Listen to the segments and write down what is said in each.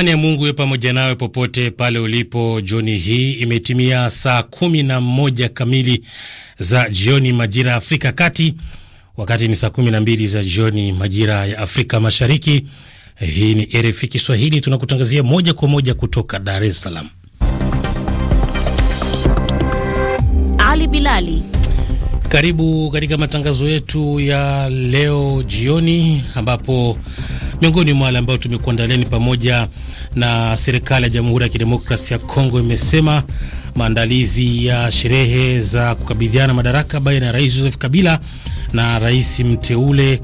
Amani ya Mungu iwe pamoja nawe popote pale ulipo. Jioni hii imetimia saa kumi na moja kamili za jioni majira ya Afrika Kati, wakati ni saa kumi na mbili za jioni majira ya Afrika Mashariki. Hii ni RFI Kiswahili, tunakutangazia moja kwa moja kutoka Dar es Salaam. Ali Bilali, karibu katika matangazo yetu ya leo jioni, ambapo miongoni mwa wale ambao tumekuandalia ni pamoja na serikali ya Jamhuri ya Kidemokrasia ya Kongo imesema maandalizi ya sherehe za kukabidhiana madaraka baina ya Rais Joseph Kabila na rais mteule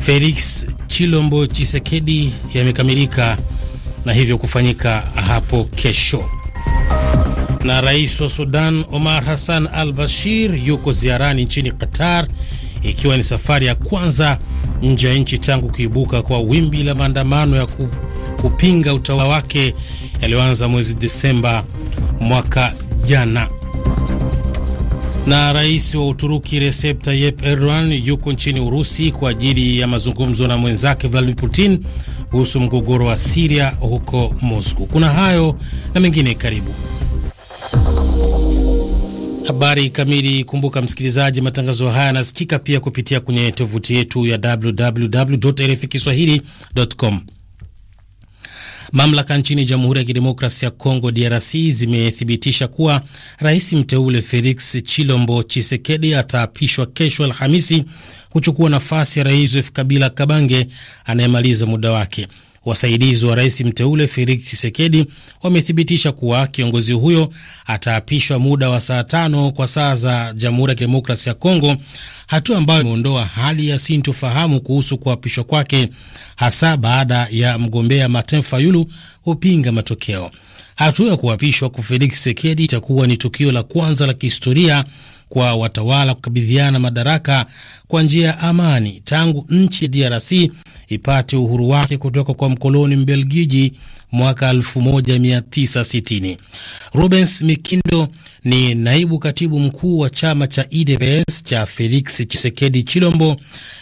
Felix Chilombo Chisekedi yamekamilika na hivyo kufanyika hapo kesho. Na rais wa Sudan Omar Hassan al Bashir yuko ziarani nchini Qatar, ikiwa ni safari ya kwanza nje ya nchi tangu kuibuka kwa wimbi la maandamano ya ku kupinga utawala wake yaliyoanza mwezi Desemba mwaka jana. Na rais wa Uturuki Recep Tayyip Erdogan yuko nchini Urusi kwa ajili ya mazungumzo na mwenzake Vladimir Putin kuhusu mgogoro wa Siria huko Moscow. Kuna hayo na mengine, karibu Habari kamili. Kumbuka msikilizaji, matangazo haya yanasikika pia kupitia kwenye tovuti yetu ya www.rfikiswahili.com. Mamlaka nchini Jamhuri ya Kidemokrasia ya Kongo DRC zimethibitisha kuwa rais mteule Felix Chilombo Chisekedi ataapishwa kesho Alhamisi kuchukua nafasi ya rais Kabila Kabange anayemaliza muda wake. Wasaidizi wa rais mteule Felix chisekedi wamethibitisha kuwa kiongozi huyo ataapishwa muda wa saa tano kwa saa za Jamhuri ya Kidemokrasi ya Kongo, hatua ambayo imeondoa hali ya sintofahamu kuhusu kuapishwa kwake, hasa baada ya mgombea Martin Fayulu kupinga matokeo. Hatua ya kuapishwa kwa Felix chisekedi itakuwa ni tukio la kwanza la kihistoria kwa watawala kukabidhiana madaraka kwa njia ya amani tangu nchi ya DRC ipate uhuru wake kutoka kwa mkoloni Mbelgiji mwaka 1960. Rubens Mikindo ni naibu katibu mkuu wa chama cha UDPS e cha Felix chisekedi Chilombo,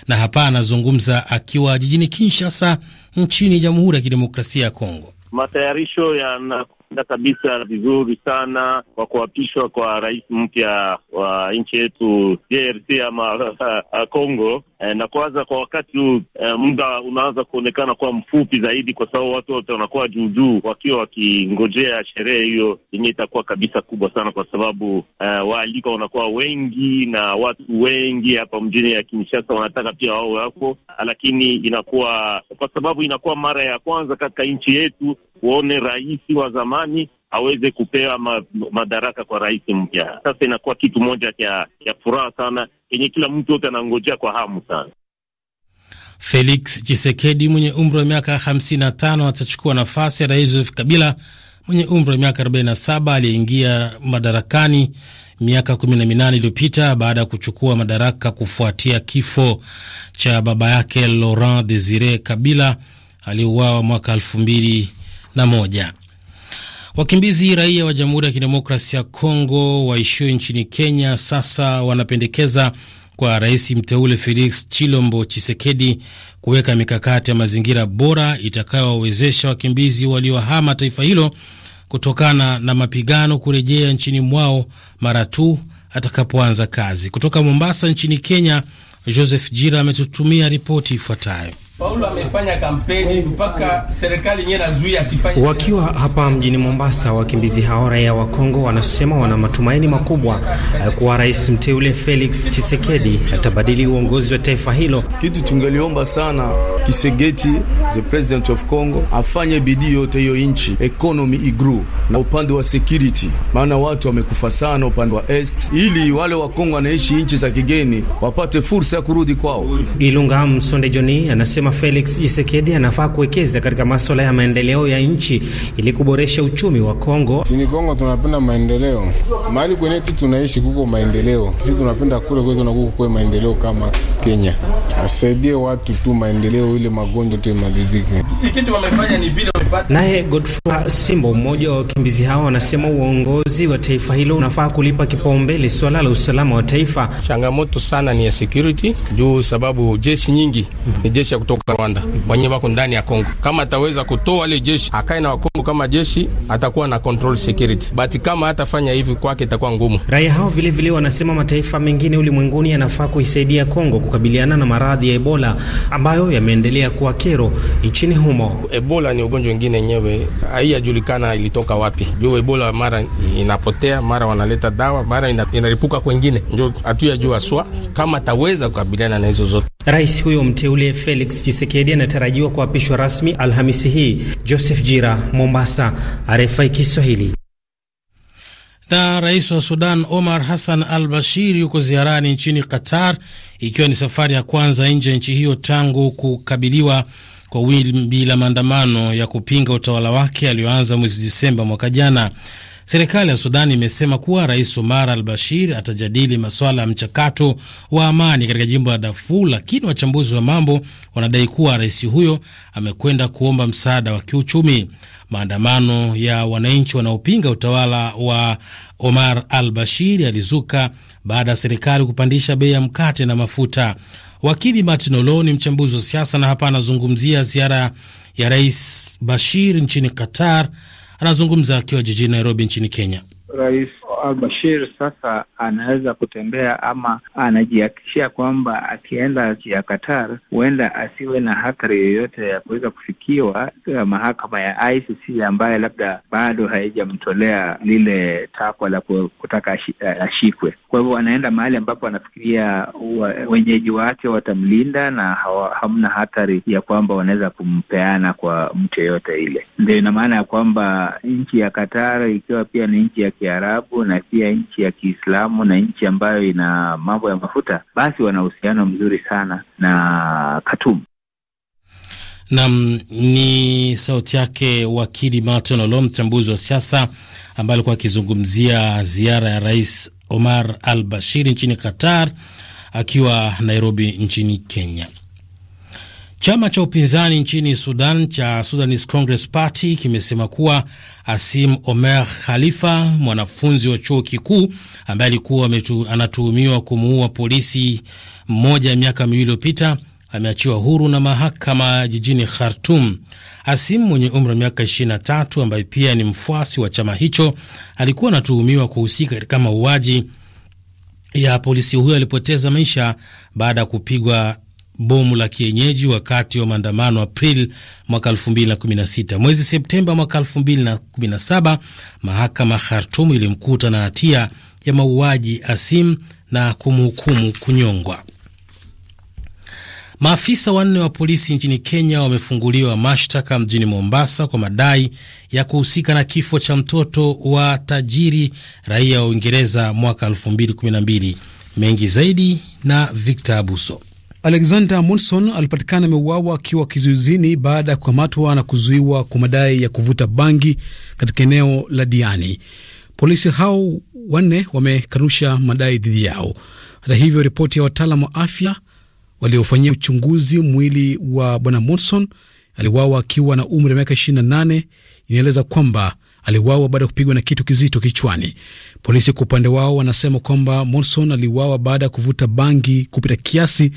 na hapa anazungumza akiwa jijini Kinshasa nchini Jamhuri ya Kidemokrasia ya Kongo. Matayarisho yana na kabisa vizuri sana kwa kuapishwa kwa rais mpya wa nchi yetu DRC ama Congo e, na kwanza kwa wakati huu e, muda unaanza kuonekana kuwa mfupi zaidi, kwa sababu watu wote wanakuwa juujuu wakiwa wakingojea sherehe hiyo yenye itakuwa kabisa kubwa sana, kwa sababu e, waalikwa wanakuwa wengi na watu wengi hapa mjini ya Kinshasa wanataka pia wao wako, lakini inakuwa kwa sababu inakuwa mara ya kwanza katika nchi yetu uone rais wa zamani aweze kupewa ma, madaraka kwa rais mpya. Sasa inakuwa kitu moja ya furaha sana yenye kila mtu yote anangojea kwa hamu sana. Felix Chisekedi mwenye umri wa miaka 55 atachukua nafasi ya Rais Joseph Kabila mwenye umri wa miaka 47 aliyeingia madarakani miaka 18 iliyopita baada ya kuchukua madaraka kufuatia kifo cha baba yake Laurent Desire Kabila aliyeuawa mwaka 2001. Wakimbizi raia wa Jamhuri ya Kidemokrasia ya Kongo waishio nchini Kenya sasa wanapendekeza kwa rais mteule Felix Chilombo Chisekedi kuweka mikakati ya mazingira bora itakayowawezesha wakimbizi waliohama taifa hilo kutokana na mapigano kurejea nchini mwao mara tu atakapoanza kazi. Kutoka Mombasa nchini Kenya, Joseph Jira ametutumia ripoti ifuatayo. Wakiwa hapa mjini Mombasa, wakimbizi hao raia wa Kongo wanasema wana matumaini makubwa eh, kuwa rais mteule Felix Tshisekedi atabadili uongozi wa taifa hilo. Kitu tungeliomba sana Kisegeti, the president of Congo, afanye bidii yote hiyo nchi economy igru na upande wa security, maana watu wamekufa sana upande wa est, ili wale wa Kongo wanaishi nchi za kigeni wapate fursa ya kurudi kwao. Ilunga Msonde Joni anasema amesema Felix Tshisekedi anafaa kuwekeza katika masuala ya maendeleo ya nchi ili kuboresha uchumi wa Kongo. Sini Kongo tunapenda maendeleo, mahali kwenye tu tunaishi kuko maendeleo, sisi tunapenda kule kwetu na kuko kwa maendeleo kama Kenya, asaidie watu tu maendeleo, ile magonjwa tu imalizike. Kitu wamefanya ni vile Naye Godfrey Simbo, mmoja wa wakimbizi hao, anasema uongozi wa taifa hilo unafaa kulipa kipaumbele swala la usalama wa taifa. Changamoto sana ni ya security juu sababu jeshi nyingi ni jeshi ya kutoka kutoka Rwanda wenye wako ndani ya Kongo. Kama ataweza kutoa wale jeshi akae na Wakongo kama jeshi, atakuwa na control security, but kama hatafanya hivi kwake itakuwa ngumu. Raia hao vilevile vile wanasema mataifa mengine ulimwenguni yanafaa kuisaidia Kongo kukabiliana na maradhi ya Ebola ambayo yameendelea kuwa kero nchini humo. Ebola ni ugonjwa mwingine yenyewe haijulikana ilitoka wapi. Juu Ebola mara inapotea, mara wanaleta dawa, mara inaripuka kwengine, ndio hatuyajua swa kama ataweza kukabiliana na hizo zote. Rais huyo mteule Felix Chisekedi anatarajiwa kuapishwa rasmi Alhamisi hii. Joseph Jira, Mombasa, RFI Kiswahili. Na rais wa Sudan Omar Hassan al Bashir yuko ziarani nchini Qatar, ikiwa ni safari ya kwanza nje ya nchi hiyo tangu kukabiliwa kwa wimbi la maandamano ya kupinga utawala wake aliyoanza mwezi Disemba mwaka jana. Serikali ya Sudani imesema kuwa Rais Omar al Bashir atajadili masuala ya mchakato wa amani katika jimbo la Darfur, lakini wachambuzi wa mambo wanadai kuwa rais huyo amekwenda kuomba msaada wa kiuchumi. Maandamano ya wananchi wanaopinga utawala wa Omar al Bashir yalizuka baada ya serikali kupandisha bei ya mkate na mafuta. Wakili Martin Olo ni mchambuzi wa siasa na hapa anazungumzia ziara ya Rais Bashir nchini Qatar anazungumza akiwa jijini Nairobi nchini Kenya. Rais albashir sasa anaweza kutembea ama anajihakikishia kwamba akienda nchi ya Qatar huenda asiwe na hatari yoyote ya kuweza kufikiwa eh, mahakama ya ICC ambayo labda bado haijamtolea lile takwa la kutaka eh, ashikwe. Kwa hivyo anaenda mahali ambapo anafikiria wenyeji wake watamlinda na hawa, hamna hatari ya kwamba wanaweza kumpeana kwa mtu yeyote ile. Ndio ina maana ya kwamba nchi ya Qatar ikiwa pia ni nchi ya kia Kiarabu na pia nchi ya Kiislamu na nchi ambayo ina mambo ya mafuta, basi wana uhusiano mzuri sana na katumu Nam ni sauti yake wakili Martin Olo, mchambuzi wa siasa ambaye alikuwa akizungumzia ziara ya Rais Omar al Bashir nchini Qatar akiwa Nairobi nchini Kenya. Chama cha upinzani nchini Sudan cha Sudanese Congress Party kimesema kuwa Asim Omer Khalifa, mwanafunzi wa chuo kikuu ambaye alikuwa anatuhumiwa kumuua polisi mmoja miaka miwili iliyopita, ameachiwa huru na mahakama jijini Khartum. Asim mwenye umri wa miaka 23 ambaye pia ni mfuasi wa chama hicho alikuwa anatuhumiwa kuhusika katika mauaji ya polisi huyo alipoteza maisha baada ya kupigwa bomu la kienyeji wakati wa maandamano April mwaka 2016. Mwezi Septemba mwaka 2017 mahakama Khartum ilimkuta na hatia ya mauaji Asim na kumhukumu kunyongwa. Maafisa wanne wa polisi nchini Kenya wamefunguliwa mashtaka mjini Mombasa kwa madai ya kuhusika na kifo cha mtoto wa tajiri raia wa Uingereza mwaka 2012. Mengi zaidi na Victor Abuso. Alexander Monson alipatikana ameuawa akiwa kizuizini baada ya kukamatwa na kuzuiwa kwa madai ya kuvuta bangi katika eneo la Diani. Polisi hao wanne wamekanusha madai dhidi yao. Hata hivyo, ripoti ya wataalam wa afya waliofanyia uchunguzi mwili wa bwana Monson aliuawa akiwa na umri wa miaka 28 inaeleza kwamba aliuawa baada ya kupigwa na kitu kizito kichwani. Polisi kwa upande wao wanasema kwamba Monson aliuawa baada ya kuvuta bangi kupita kiasi,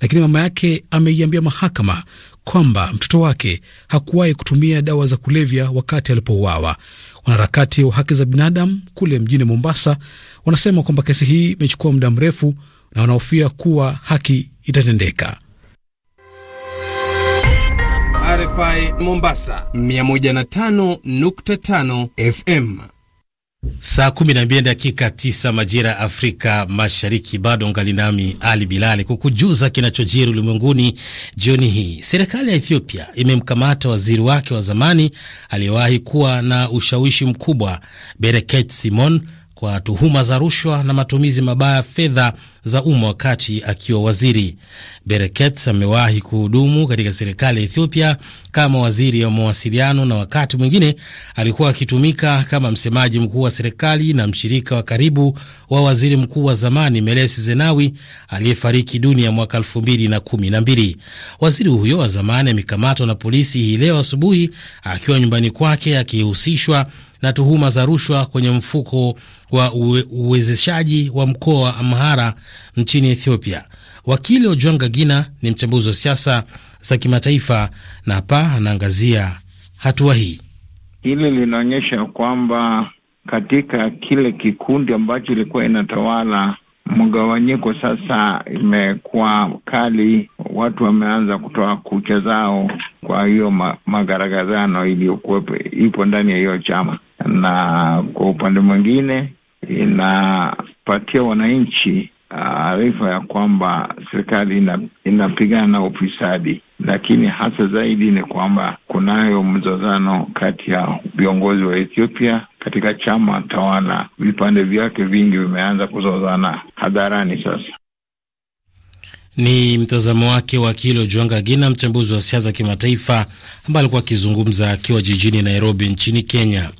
lakini mama yake ameiambia mahakama kwamba mtoto wake hakuwahi kutumia dawa za kulevya wakati alipouawa. Wanaharakati wa haki za binadamu kule mjini Mombasa wanasema kwamba kesi hii imechukua muda mrefu na wanahofia kuwa haki itatendeka. RFI Mombasa 105.5 FM. Saa 12 dakika 9 majira ya Afrika Mashariki. Bado ngali nami Ali Bilali kukujuza kinachojiri ulimwenguni jioni hii. Serikali ya Ethiopia imemkamata waziri wake wa zamani aliyewahi kuwa na ushawishi mkubwa Bereket Simon kwa tuhuma za rushwa na matumizi mabaya ya fedha za umma wakati akiwa waziri. Bereket amewahi kuhudumu katika serikali ya Ethiopia kama waziri wa mawasiliano na wakati mwingine alikuwa akitumika kama msemaji mkuu wa serikali na mshirika wa karibu wa waziri mkuu wa zamani Meles Zenawi aliyefariki dunia mwaka 2012. Waziri huyo wa zamani amekamatwa na polisi hii leo asubuhi akiwa nyumbani kwake akihusishwa na tuhuma za rushwa kwenye mfuko wa uwezeshaji wa mkoa wa Amhara nchini Ethiopia. Wakili Ojwanga Gina ni mchambuzi wa siasa za kimataifa na hapa anaangazia hatua hii. Hili linaonyesha kwamba katika kile kikundi ambacho ilikuwa inatawala mgawanyiko sasa imekuwa kali, watu wameanza kutoa kucha zao. Kwa hiyo ma, magaragazano iliyokuwepo ipo ndani ya hiyo chama na kwa upande mwingine inapatia wananchi uh, arifa ya kwamba serikali ina, inapigana na ufisadi, lakini hasa zaidi ni kwamba kunayo mzozano kati ya viongozi wa Ethiopia katika chama tawala. Vipande vyake vingi vimeanza kuzozana hadharani sasa. Ni mtazamo wake wakili Ojuanga Gina, mchambuzi wa siasa kimataifa, ambaye alikuwa akizungumza akiwa jijini Nairobi nchini Kenya.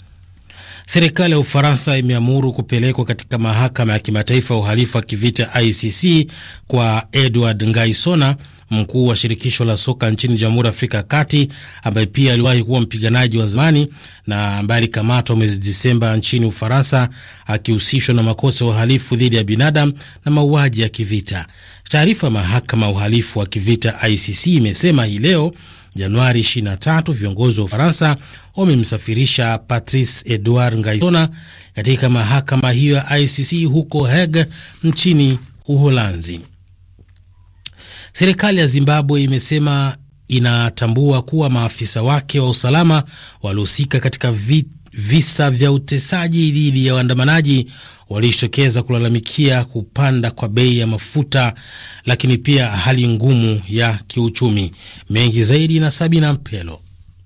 Serikali ya Ufaransa imeamuru kupelekwa katika mahakama ya kimataifa ya uhalifu wa kivita ICC kwa Edward Ngaisona, mkuu wa shirikisho la soka nchini Jamhuri ya Afrika ya Kati, ambaye pia aliwahi kuwa mpiganaji wa zamani na ambaye alikamatwa mwezi Disemba nchini Ufaransa akihusishwa na makosa ya uhalifu dhidi ya binadamu na mauaji ya kivita. Taarifa ya mahakama ya uhalifu wa kivita ICC imesema hii leo Januari 23 viongozi wa Ufaransa wamemsafirisha Patrice Edouard Ngaisona katika mahakama hiyo ya ICC huko Hague nchini Uholanzi. Serikali ya Zimbabwe imesema inatambua kuwa maafisa wake wa usalama walihusika katika vita visa vya utesaji dhidi ya waandamanaji waliojitokeza kulalamikia kupanda kwa bei ya mafuta, lakini pia hali ngumu ya kiuchumi. Mengi zaidi na Sabina Mpelo.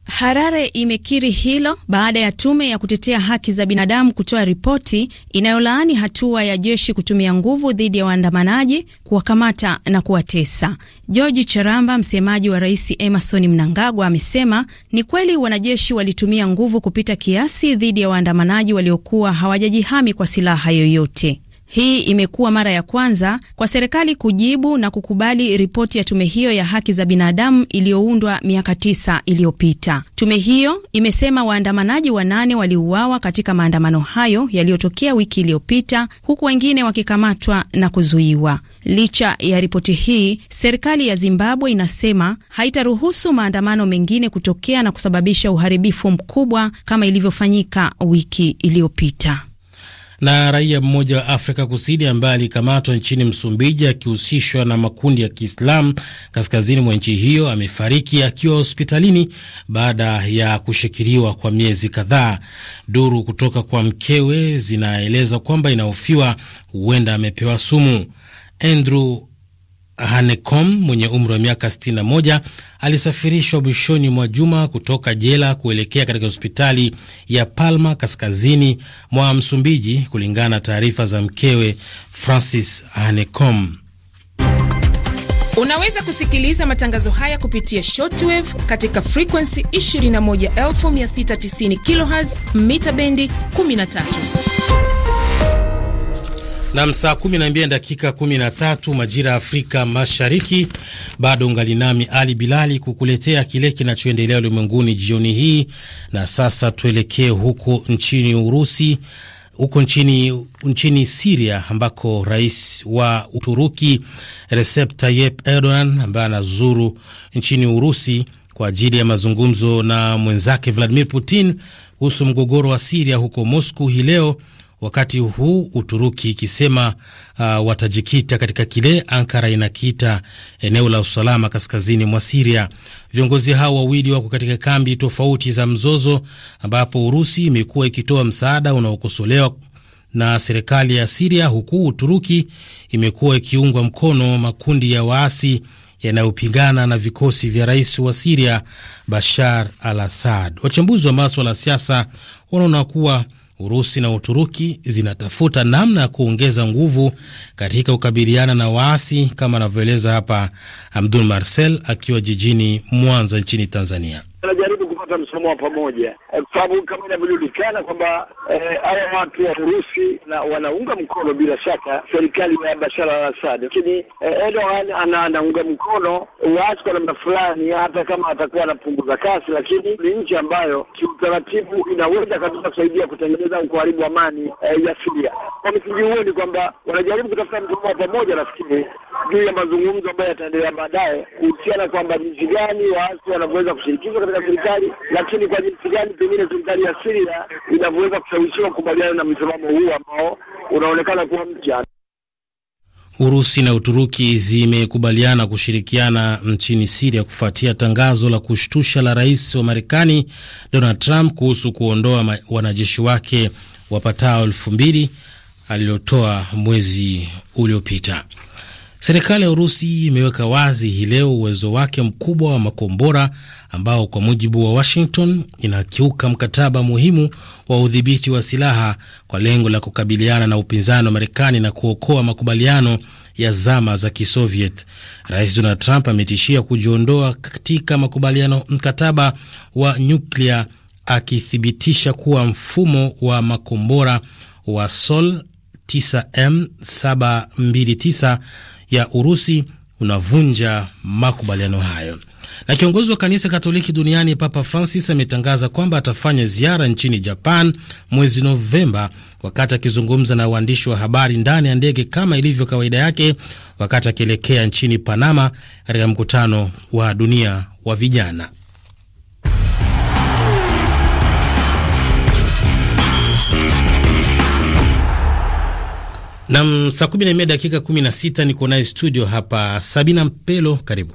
Harare imekiri hilo baada ya tume ya kutetea haki za binadamu kutoa ripoti inayolaani hatua ya jeshi kutumia nguvu dhidi ya waandamanaji, kuwakamata na kuwatesa. George Charamba, msemaji wa rais Emerson Mnangagwa, amesema ni kweli wanajeshi walitumia nguvu kupita kiasi dhidi ya waandamanaji waliokuwa hawajajihami kwa silaha yoyote. Hii imekuwa mara ya kwanza kwa serikali kujibu na kukubali ripoti ya tume hiyo ya haki za binadamu iliyoundwa miaka tisa iliyopita. Tume hiyo imesema waandamanaji wanane waliuawa katika maandamano hayo yaliyotokea wiki iliyopita, huku wengine wakikamatwa na kuzuiwa. Licha ya ripoti hii, serikali ya Zimbabwe inasema haitaruhusu maandamano mengine kutokea na kusababisha uharibifu mkubwa kama ilivyofanyika wiki iliyopita na raia mmoja wa Afrika Kusini ambaye alikamatwa nchini Msumbiji akihusishwa na makundi ya Kiislamu kaskazini mwa nchi hiyo amefariki akiwa hospitalini baada ya kushikiliwa kwa miezi kadhaa. Duru kutoka kwa mkewe zinaeleza kwamba inahofiwa huenda amepewa sumu. Andrew Hanekom mwenye umri wa miaka 61 alisafirishwa mwishoni mwa juma kutoka jela kuelekea katika hospitali ya Palma kaskazini mwa Msumbiji, kulingana na taarifa za mkewe Francis Hanekom. Unaweza kusikiliza matangazo haya kupitia shortwave katika frekuensi 21690 kHz mita bendi 13. Nam, saa 12 dakika 13 majira ya Afrika Mashariki. Bado ngali nami Ali Bilali kukuletea kile kinachoendelea ulimwenguni jioni hii, na sasa tuelekee huko nchini Urusi, huko nchini, nchini Siria ambako rais wa Uturuki Recep Tayyip Erdogan ambaye anazuru nchini Urusi kwa ajili ya mazungumzo na mwenzake Vladimir Putin kuhusu mgogoro wa Siria huko Moscow hii leo wakati huu Uturuki ikisema uh, watajikita katika kile Ankara inakiita eneo la usalama kaskazini mwa Siria. Viongozi hao wawili wako katika kambi tofauti za mzozo, ambapo Urusi imekuwa ikitoa msaada unaokosolewa na serikali ya Siria, huku Uturuki imekuwa ikiungwa mkono makundi ya waasi yanayopingana na vikosi vya rais wa Siria Bashar al Assad. Wachambuzi wa maswala ya siasa wanaona kuwa Urusi na Uturuki zinatafuta namna ya kuongeza nguvu katika kukabiliana na waasi, kama anavyoeleza hapa Abdul Marcel akiwa jijini Mwanza nchini Tanzania. Najaribu kupata msimamo wa pamoja, eh, kwa sababu kama inavyojulikana kwamba eh, haya watu wa Urusi na wanaunga mkono bila shaka serikali ya Bashar al-Assad, lakini eh, Erdogan anaunga mkono waasi kwa namna fulani, hata kama atakuwa anapunguza kasi, lakini ni nchi ambayo kiutaratibu inaweza kabisa kusaidia kutengeneza ukuharibu amani ya siria Kwa misingi huo ni kwamba wanajaribu kutafuta msimamo wa pamoja, nafikiri juu ya mazungumzo ambayo yataendelea baadaye kuhusiana kwamba jinsi gani waasi wanavyoweza kushirikishwa katika serikali, lakini kwa jinsi gani pengine serikali ya Syria inavyoweza kushawishiwa kukubaliana na msimamo huu ambao unaonekana kuwa mpya. Urusi na Uturuki zimekubaliana kushirikiana nchini Siria kufuatia tangazo la kushtusha la rais wa Marekani Donald Trump kuhusu kuondoa wanajeshi wake wapatao elfu mbili aliotoa mwezi uliopita. Serikali ya Urusi imeweka wazi hii leo uwezo wake mkubwa wa makombora ambao kwa mujibu wa Washington inakiuka mkataba muhimu wa udhibiti wa silaha kwa lengo la kukabiliana na upinzani wa Marekani na kuokoa makubaliano ya zama za Kisoviet. Rais Donald Trump ametishia kujiondoa katika makubaliano mkataba wa nyuklia akithibitisha kuwa mfumo wa makombora wa Sol 9M729 ya Urusi unavunja makubaliano hayo. Na kiongozi wa kanisa Katoliki duniani Papa Francis ametangaza kwamba atafanya ziara nchini Japan mwezi Novemba. Wakati akizungumza na waandishi wa habari ndani ya ndege kama ilivyo kawaida yake, wakati akielekea nchini Panama katika mkutano wa dunia wa vijana. Nam, saa kumi na mia dakika kumi na sita niko naye studio hapa Sabina Mpelo, karibu.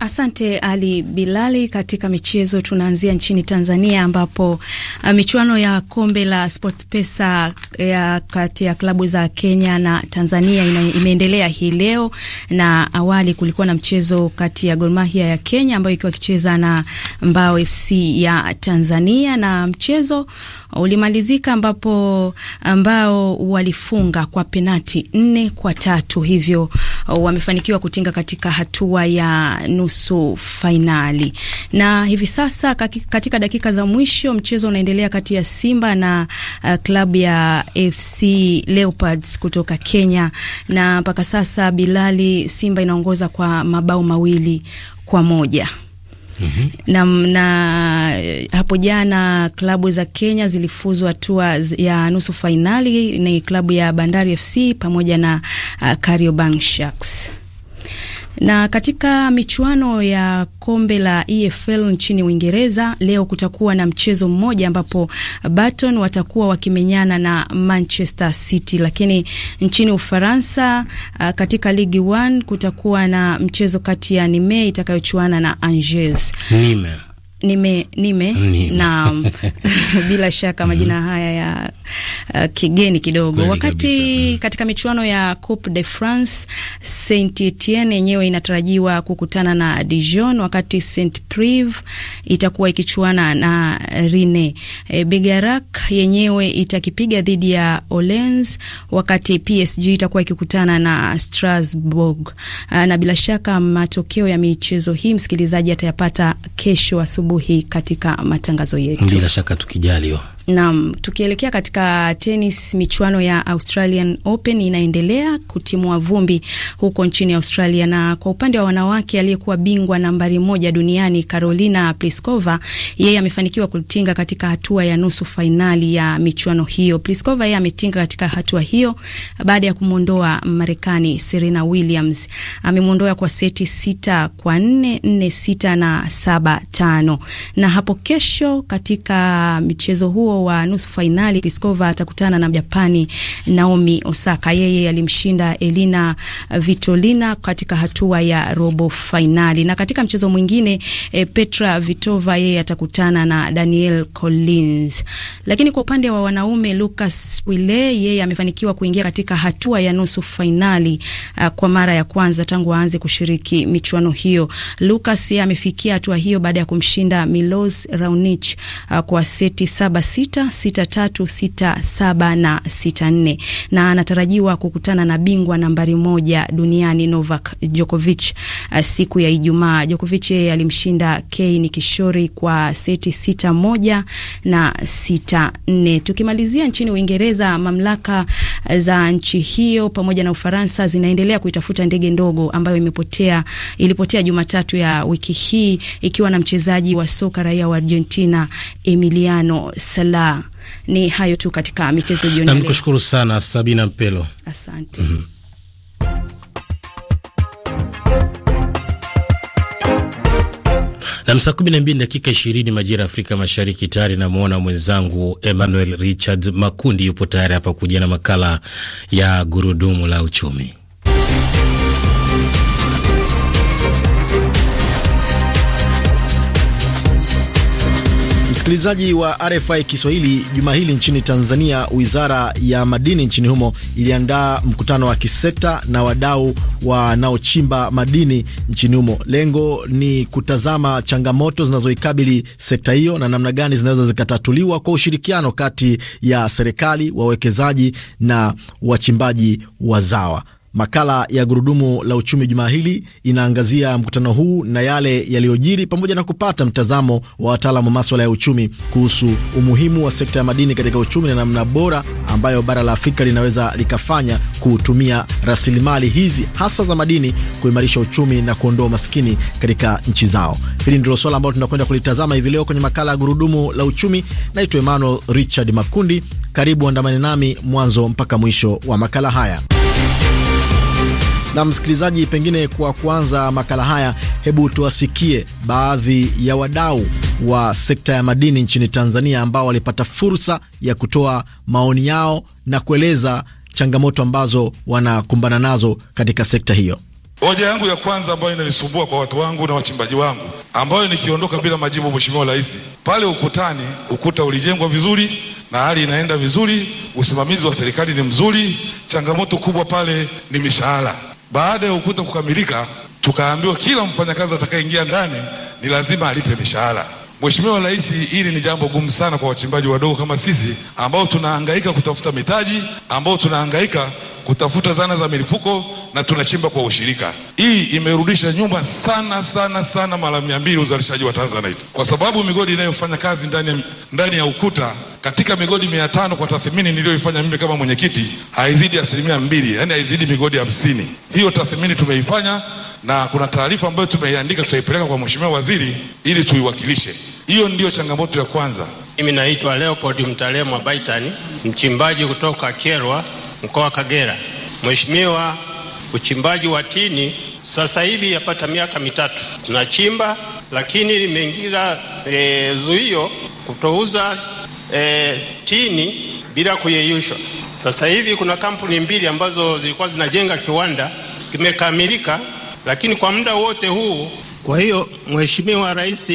Asante Ali Bilali. Katika michezo tunaanzia nchini Tanzania ambapo uh, michuano ya kombe la SportPesa uh, ya kati ya klabu za Kenya na Tanzania ina, imeendelea hii leo, na awali kulikuwa na mchezo kati ya Gor Mahia ya Kenya ambayo ikiwa ikicheza na Mbao FC ya Tanzania, na mchezo ulimalizika ambapo ambao walifunga kwa penati nne kwa tatu, hivyo uh, wamefanikiwa kutinga katika hatua ya nusu fainali. Na hivi sasa katika dakika za mwisho mchezo unaendelea kati ya Simba na uh, klabu ya FC Leopards kutoka Kenya, na mpaka sasa Bilali, Simba inaongoza kwa mabao mawili kwa moja. Mm -hmm. Na, na eh, hapo jana klabu za Kenya zilifuzwa hatua ya nusu fainali, ni klabu ya Bandari FC pamoja na uh, Kariobangi Sharks. Na katika michuano ya kombe la EFL nchini Uingereza leo kutakuwa na mchezo mmoja ambapo Burton watakuwa wakimenyana na Manchester City, lakini nchini Ufaransa uh, katika Ligue 1 kutakuwa na mchezo kati ya Nimes itakayochuana na Angers Nime nime, nime, nime. na bila shaka mhm. majina haya ya uh, kigeni kidogo Kweli wakati kabisa. Mhm. Katika michuano ya Coupe de France Saint Etienne yenyewe inatarajiwa kukutana na Dijon, wakati Saint Prive itakuwa ikichuana na Rene E, eh, Bigarac yenyewe itakipiga dhidi ya Olens, wakati PSG itakuwa ikikutana na Strasbourg. Uh, na bila shaka matokeo ya michezo hii msikilizaji atayapata kesho asubuhi asubuhi katika matangazo yetu, bila shaka tukijaliwa. Naam, tukielekea katika tenis, michuano ya Australian Open inaendelea kutimua vumbi huko nchini Australia, na kwa upande wa wanawake, aliyekuwa bingwa nambari moja duniani Carolina Pliskova, yeye amefanikiwa kutinga katika hatua ya nusu fainali ya michuano hiyo. Pliskova yeye ametinga katika hatua hiyo baada ya kumwondoa Marekani Serena Williams, amemwondoa kwa seti sita kwa nne, nne sita na saba tano, na hapo kesho katika mchezo huo wa nusu fainali Pliskova atakutana na Japani Naomi Osaka. Yeye alimshinda Elina Vitolina katika hatua ya robo fainali. Na katika mchezo mwingine e, Petra Vitova yeye atakutana na Daniel Collins. Lakini kwa upande wa wanaume Lucas Wile yeye amefanikiwa kuingia katika hatua ya nusu fainali a, eh, kwa mara ya kwanza tangu aanze kushiriki michuano hiyo. Lucas yeye amefikia hatua hiyo baada ya kumshinda Milos Raonic a, eh, kwa seti saba sita 66367 na 64 na anatarajiwa kukutana na bingwa nambari moja duniani Novak Djokovic eh, siku ya Ijumaa. Djokovic yeye alimshinda Kei kishori kwa seti sita moja na sita nne. Tukimalizia nchini Uingereza, mamlaka eh, za nchi hiyo pamoja na Ufaransa zinaendelea kuitafuta ndege ndogo ambayo imepotea ilipotea Jumatatu ya wiki hii ikiwa na mchezaji wa soka raia wa Argentina Emiliano Sala la. Ni hayo tu katika michezo jioni. Namkushukuru sana Sabina Mpelo, asante. mm -hmm. na saa kumi na mbili dakika ishirini majira ya Afrika Mashariki. Tayari namwona mwenzangu Emmanuel Richard Makundi yupo tayari hapa kuja na makala ya gurudumu la uchumi. Msikilizaji wa RFI Kiswahili, juma hili nchini Tanzania, wizara ya madini nchini humo iliandaa mkutano wa kisekta na wadau wanaochimba madini nchini humo. Lengo ni kutazama changamoto zinazoikabili sekta hiyo na namna gani zinaweza zikatatuliwa kwa ushirikiano kati ya serikali, wawekezaji na wachimbaji wazawa. Makala ya Gurudumu la Uchumi jumaa hili inaangazia mkutano huu na yale yaliyojiri, pamoja na kupata mtazamo wa wataalam wa maswala ya uchumi kuhusu umuhimu wa sekta ya madini katika uchumi na namna bora ambayo bara la Afrika linaweza likafanya kutumia rasilimali hizi hasa za madini kuimarisha uchumi na kuondoa umaskini katika nchi zao. Hili ndilo swala ambalo tunakwenda kulitazama hivi leo kwenye makala ya Gurudumu la Uchumi. Naitwa Emmanuel Richard Makundi. Karibu andamane nami mwanzo mpaka mwisho wa makala haya. Na msikilizaji, pengine kwa kuanza makala haya, hebu tuwasikie baadhi ya wadau wa sekta ya madini nchini Tanzania ambao walipata fursa ya kutoa maoni yao na kueleza changamoto ambazo wanakumbana nazo katika sekta hiyo. Hoja yangu ya kwanza ambayo inanisumbua kwa watu wangu na wachimbaji wangu, ambayo nikiondoka bila majibu, Mheshimiwa Rais, pale ukutani, ukuta ulijengwa vizuri na hali inaenda vizuri, usimamizi wa serikali ni mzuri. Changamoto kubwa pale ni mishahara. Baada ya ukuta kukamilika, tukaambiwa kila mfanyakazi atakayeingia ndani ni lazima alipe mishahara. Mheshimiwa Rais, hili ni jambo gumu sana kwa wachimbaji wadogo kama sisi ambao tunahangaika kutafuta mitaji, ambao tunahangaika kutafuta zana za milipuko na tunachimba kwa ushirika. Hii imerudisha nyuma sana sana sana mara mia mbili uzalishaji wa Tanzanite, kwa sababu migodi inayofanya kazi ndani, ndani ya ukuta katika migodi mia tano kwa tathmini niliyoifanya mimi kama mwenyekiti haizidi asilimia mbili, yani haizidi migodi hamsini. Hiyo tathmini tumeifanya na kuna taarifa ambayo tumeiandika tutaipeleka kwa mheshimiwa waziri ili tuiwakilishe. Hiyo ndiyo changamoto ya kwanza. Mimi naitwa Leopold Mtalemwa Baitani, mchimbaji kutoka Kyerwa, mkoa wa Kagera. Mheshimiwa, uchimbaji wa tini sasa hivi yapata miaka mitatu tunachimba, lakini limeingiza e, zuio kutouza e, tini bila kuyeyushwa. Sasa hivi kuna kampuni mbili ambazo zilikuwa zinajenga kiwanda, kimekamilika lakini kwa muda wote huu. Kwa hiyo Mheshimiwa Rais,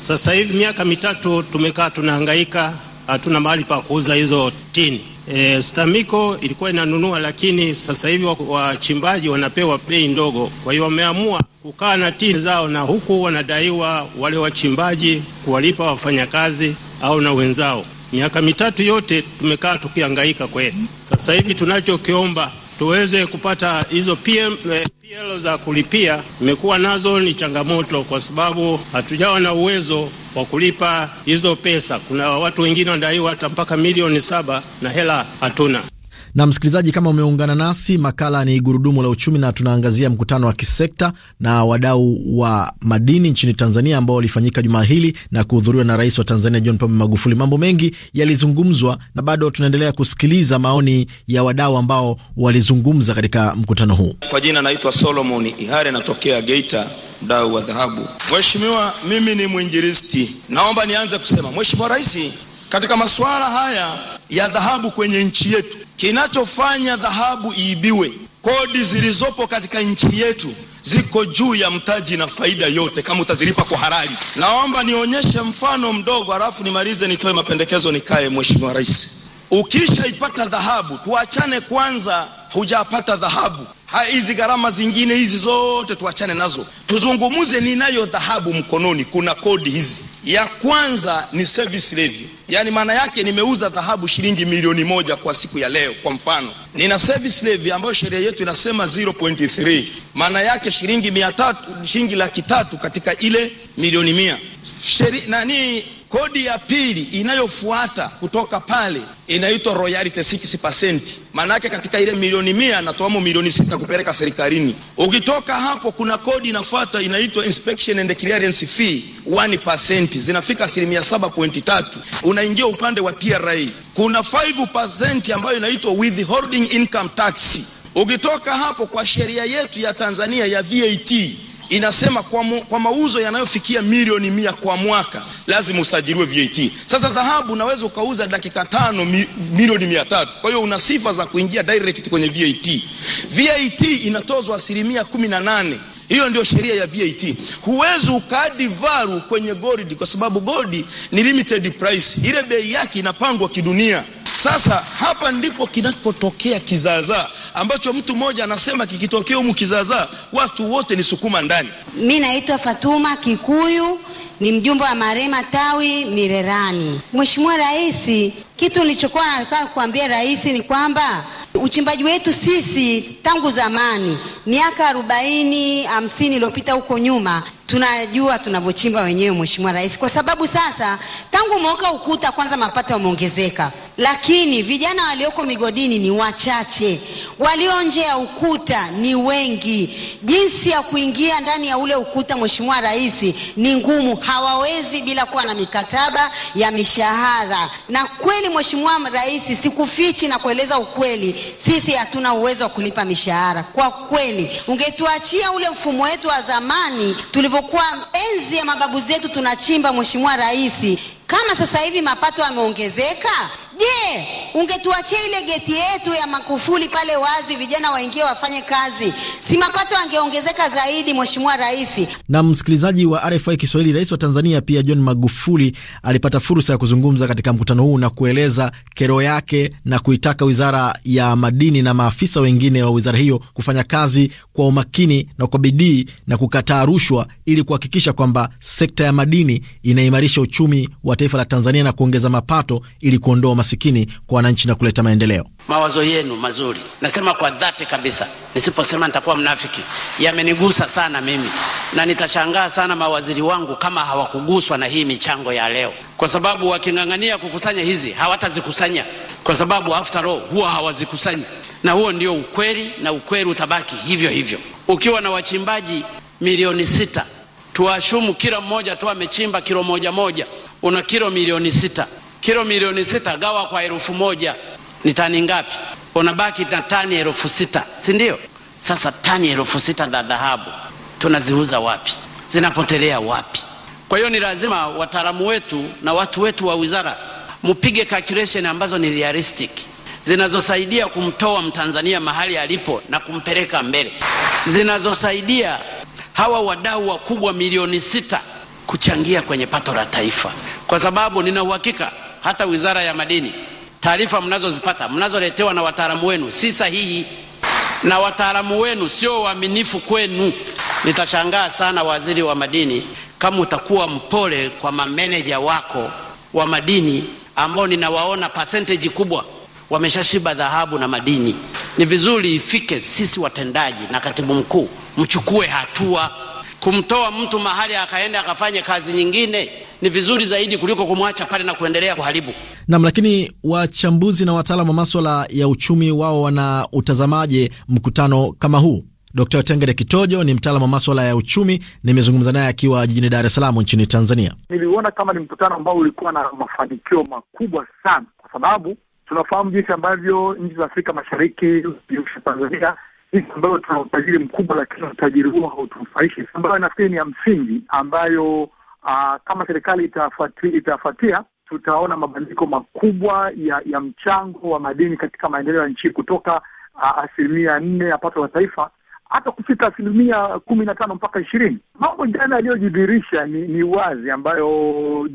sasa hivi miaka mitatu tumekaa tunahangaika, hatuna mahali pa kuuza hizo tini. E, STAMIKO ilikuwa inanunua, lakini sasa hivi wachimbaji wanapewa bei ndogo. Kwa hiyo wameamua kukaa na tini zao, na huku wanadaiwa wale wachimbaji kuwalipa wafanyakazi au na wenzao. Miaka mitatu yote tumekaa tukihangaika kweli. Sasa hivi tunachokiomba tuweze kupata hizo PM, eh, PL za kulipia. Imekuwa nazo ni changamoto, kwa sababu hatujawa na uwezo wa kulipa hizo pesa. Kuna watu wengine wanadaiwa hata mpaka milioni saba na hela hatuna. Na msikilizaji, kama umeungana nasi, makala ni gurudumu la uchumi, na tunaangazia mkutano wa kisekta na wadau wa madini nchini Tanzania ambao walifanyika jumaa hili na kuhudhuriwa na Rais wa Tanzania John Pombe Magufuli. Mambo mengi yalizungumzwa na bado tunaendelea kusikiliza maoni ya wadau ambao walizungumza katika mkutano huu. Kwa jina naitwa Solomon Ihare, natokea Geita, mdau wa dhahabu. Mheshimiwa, mimi ni mwinjilisti. Naomba nianze kusema Mheshimiwa Rais katika masuala haya ya dhahabu kwenye nchi yetu, kinachofanya dhahabu iibiwe, kodi zilizopo katika nchi yetu ziko juu ya mtaji na faida yote, kama utazilipa kwa halali. Naomba nionyeshe mfano mdogo, halafu nimalize, nitoe mapendekezo, nikae. Mheshimiwa Rais, ukishaipata dhahabu, tuachane kwanza, hujapata dhahabu hizi gharama zingine hizi zote tuachane nazo, tuzungumuze. Ninayo dhahabu mkononi, kuna kodi hizi. Ya kwanza ni service levy, yaani maana yake nimeuza dhahabu shilingi milioni moja kwa siku ya leo. Kwa mfano, nina service levy ambayo sheria yetu inasema 0.3, maana yake shilingi mia tatu, shilingi laki tatu katika ile milioni mia. Sheria nani Kodi ya pili inayofuata kutoka pale inaitwa royalty 6%. Maanake katika ile milioni mia natoamo milioni sita kupeleka serikalini. Ukitoka hapo, kuna kodi inafuata inaitwa inspection and clearance fee 1%, zinafika asilimia 7.3. Unaingia upande wa TRA, kuna 5% ambayo inaitwa withholding income tax. Ukitoka hapo, kwa sheria yetu ya Tanzania ya VAT inasema kwa, mu, kwa mauzo yanayofikia milioni mia kwa mwaka lazima usajiliwe VAT. Sasa dhahabu unaweza ukauza dakika tano mi, milioni mia tatu. Kwa hiyo una sifa za kuingia direct kwenye VAT. VAT inatozwa asilimia kumi na nane hiyo ndio sheria ya VAT. Huwezi ukaadi varu kwenye gold kwa sababu gold ni limited price, ile bei yake inapangwa kidunia. Sasa hapa ndipo kinapotokea kizaazaa ambacho mtu mmoja anasema kikitokea humu kizaazaa, watu wote ni sukuma ndani. Mi naitwa Fatuma Kikuyu, ni mjumbe wa Marema tawi Mirerani. Mheshimiwa Rais kitu nilichokuwa nataka kuambia rais ni kwamba uchimbaji wetu sisi tangu zamani, miaka arobaini hamsini iliyopita huko nyuma, tunajua tunavyochimba wenyewe, Mheshimiwa Rais, kwa sababu sasa tangu mwaka ukuta kwanza, mapato yameongezeka, lakini vijana walioko migodini ni wachache, walio nje ya ukuta ni wengi. Jinsi ya kuingia ndani ya ule ukuta, Mheshimiwa Rais, ni ngumu, hawawezi bila kuwa na mikataba ya mishahara, na kweli Mheshimiwa Rais, sikufichi na kueleza ukweli, sisi hatuna uwezo wa kulipa mishahara kwa kweli. Ungetuachia ule mfumo wetu wa zamani tulivyokuwa enzi ya mababu zetu tunachimba, Mheshimiwa Rais, kama sasa hivi mapato yameongezeka Je, ungetuachia ile geti yetu ya Makufuli pale wazi, vijana waingie wafanye kazi, si mapato angeongezeka zaidi, Mheshimiwa Rais? Na msikilizaji wa RFI Kiswahili, rais wa Tanzania pia John Magufuli alipata fursa ya kuzungumza katika mkutano huu na kueleza kero yake na kuitaka wizara ya madini na maafisa wengine wa wizara hiyo kufanya kazi kwa umakini na kwa bidii na kukataa rushwa ili kuhakikisha kwamba sekta ya madini inaimarisha uchumi wa taifa la Tanzania na kuongeza mapato ili kuondoa masikini kwa wananchi na kuleta maendeleo. Mawazo yenu mazuri, nasema kwa dhati kabisa, nisiposema nitakuwa mnafiki, yamenigusa sana mimi, na nitashangaa sana mawaziri wangu kama hawakuguswa na hii michango ya leo, kwa sababu waking'ang'ania kukusanya hizi hawatazikusanya, kwa sababu after all huwa hawazikusanyi, na huo ndio ukweli, na ukweli utabaki hivyo hivyo. Ukiwa na wachimbaji milioni sita tuwashumu kila mmoja tu amechimba kilo moja moja, una kilo milioni sita kilo milioni sita gawa kwa elfu moja ni tani ngapi? Unabaki na tani elfu sita si ndio? Sasa tani elfu sita za dhahabu tunaziuza wapi? Zinapotelea wapi? Kwa hiyo ni lazima wataalamu wetu na watu wetu wa wizara mpige calculation ambazo ni realistic zinazosaidia kumtoa mtanzania mahali alipo na kumpeleka mbele, zinazosaidia hawa wadau wakubwa milioni sita kuchangia kwenye pato la taifa, kwa sababu nina uhakika hata wizara ya madini, taarifa mnazozipata mnazoletewa na wataalamu wenu si sahihi, na wataalamu wenu sio waaminifu kwenu. Nitashangaa sana, waziri wa madini, kama utakuwa mpole kwa mameneja wako wa madini ambao ninawaona percentage kubwa wameshashiba dhahabu na madini. Ni vizuri ifike sisi watendaji na katibu mkuu mchukue hatua kumtoa mtu mahali akaenda akafanye kazi nyingine ni vizuri zaidi kuliko kumwacha pale na kuendelea kuharibu. Nam, lakini wachambuzi na wataalamu wa maswala ya uchumi wao wana utazamaje mkutano kama huu? Dr. Tengere Kitojo ni mtaalam wa maswala ya uchumi, nimezungumza naye akiwa jijini Dar es Salaam nchini Tanzania. Niliuona kama ni mkutano ambao ulikuwa na mafanikio makubwa sana, kwa sababu tunafahamu jinsi ambavyo nchi za Afrika Mashariki, Tanzania jinsi ambayo tuna utajiri mkubwa, lakini utajiri huo hautufaishi ambayo nafikiri ni ya msingi ambayo Aa, ah, kama serikali itafuatia, tutaona mabadiliko makubwa ya, ya mchango wa madini katika maendeleo ya nchi kutoka ah, asilimia nne ya pato la taifa hata kufika asilimia kumi na tano mpaka ishirini. Mambo jana yaliyojidhirisha ni, ni wazi ambayo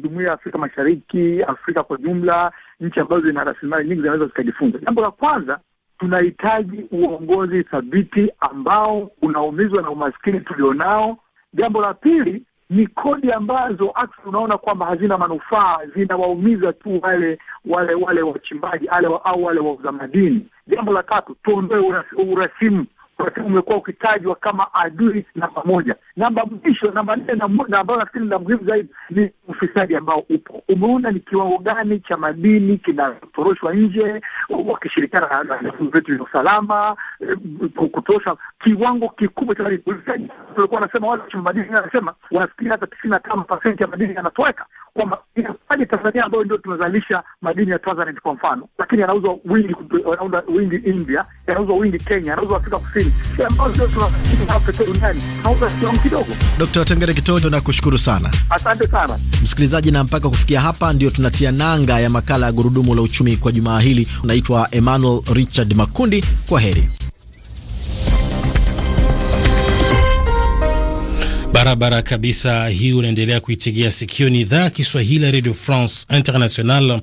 jumuia ya Afrika Mashariki, Afrika kwa jumla, nchi ambazo zina rasilimali nyingi zinaweza zikajifunza. Jambo la kwanza, tunahitaji uongozi thabiti ambao unaumizwa na umaskini tulionao. Jambo la pili, ni kodi ambazo actually unaona kwamba hazina manufaa, zinawaumiza tu wale wale wale wachimbaji au wale wauza madini. Jambo la tatu, tuondoe urasimu wakati umekuwa ukitajwa kama adui namba moja. Namba mwisho, namba nne, na ambayo nafikiri la muhimu zaidi ni ufisadi ambao upo. Umeona ni kiwango gani cha madini kinatoroshwa nje, wakishirikiana na vetu vya usalama eh, kutosha kiwango kikubwa cha madini. Tulikuwa wanasema wale wachimba madini, anasema wanafikiri hata tisini na tano pasenti ya madini yanatoweka kwamba inafanya Tanzania ambayo ndio tunazalisha madini ya tanzanite kwa mfano, lakini yanauzwa wingi, yanauzwa wingi India, yanauzwa wingi Kenya, yanauzwa Afrika Kusini, ambayo ndio tunapekee duniani, tunauza kiwango kidogo. Dkt. Tengere Kitojo, nakushukuru sana, asante sana msikilizaji. Na mpaka kufikia hapa ndio tunatia nanga ya makala ya gurudumu la uchumi kwa jumaa hili. Unaitwa Emmanuel Richard Makundi, kwa heri. Barabara kabisa, hii unaendelea kuitegea sikio, ni idhaa ya Kiswahili ya Radio France International.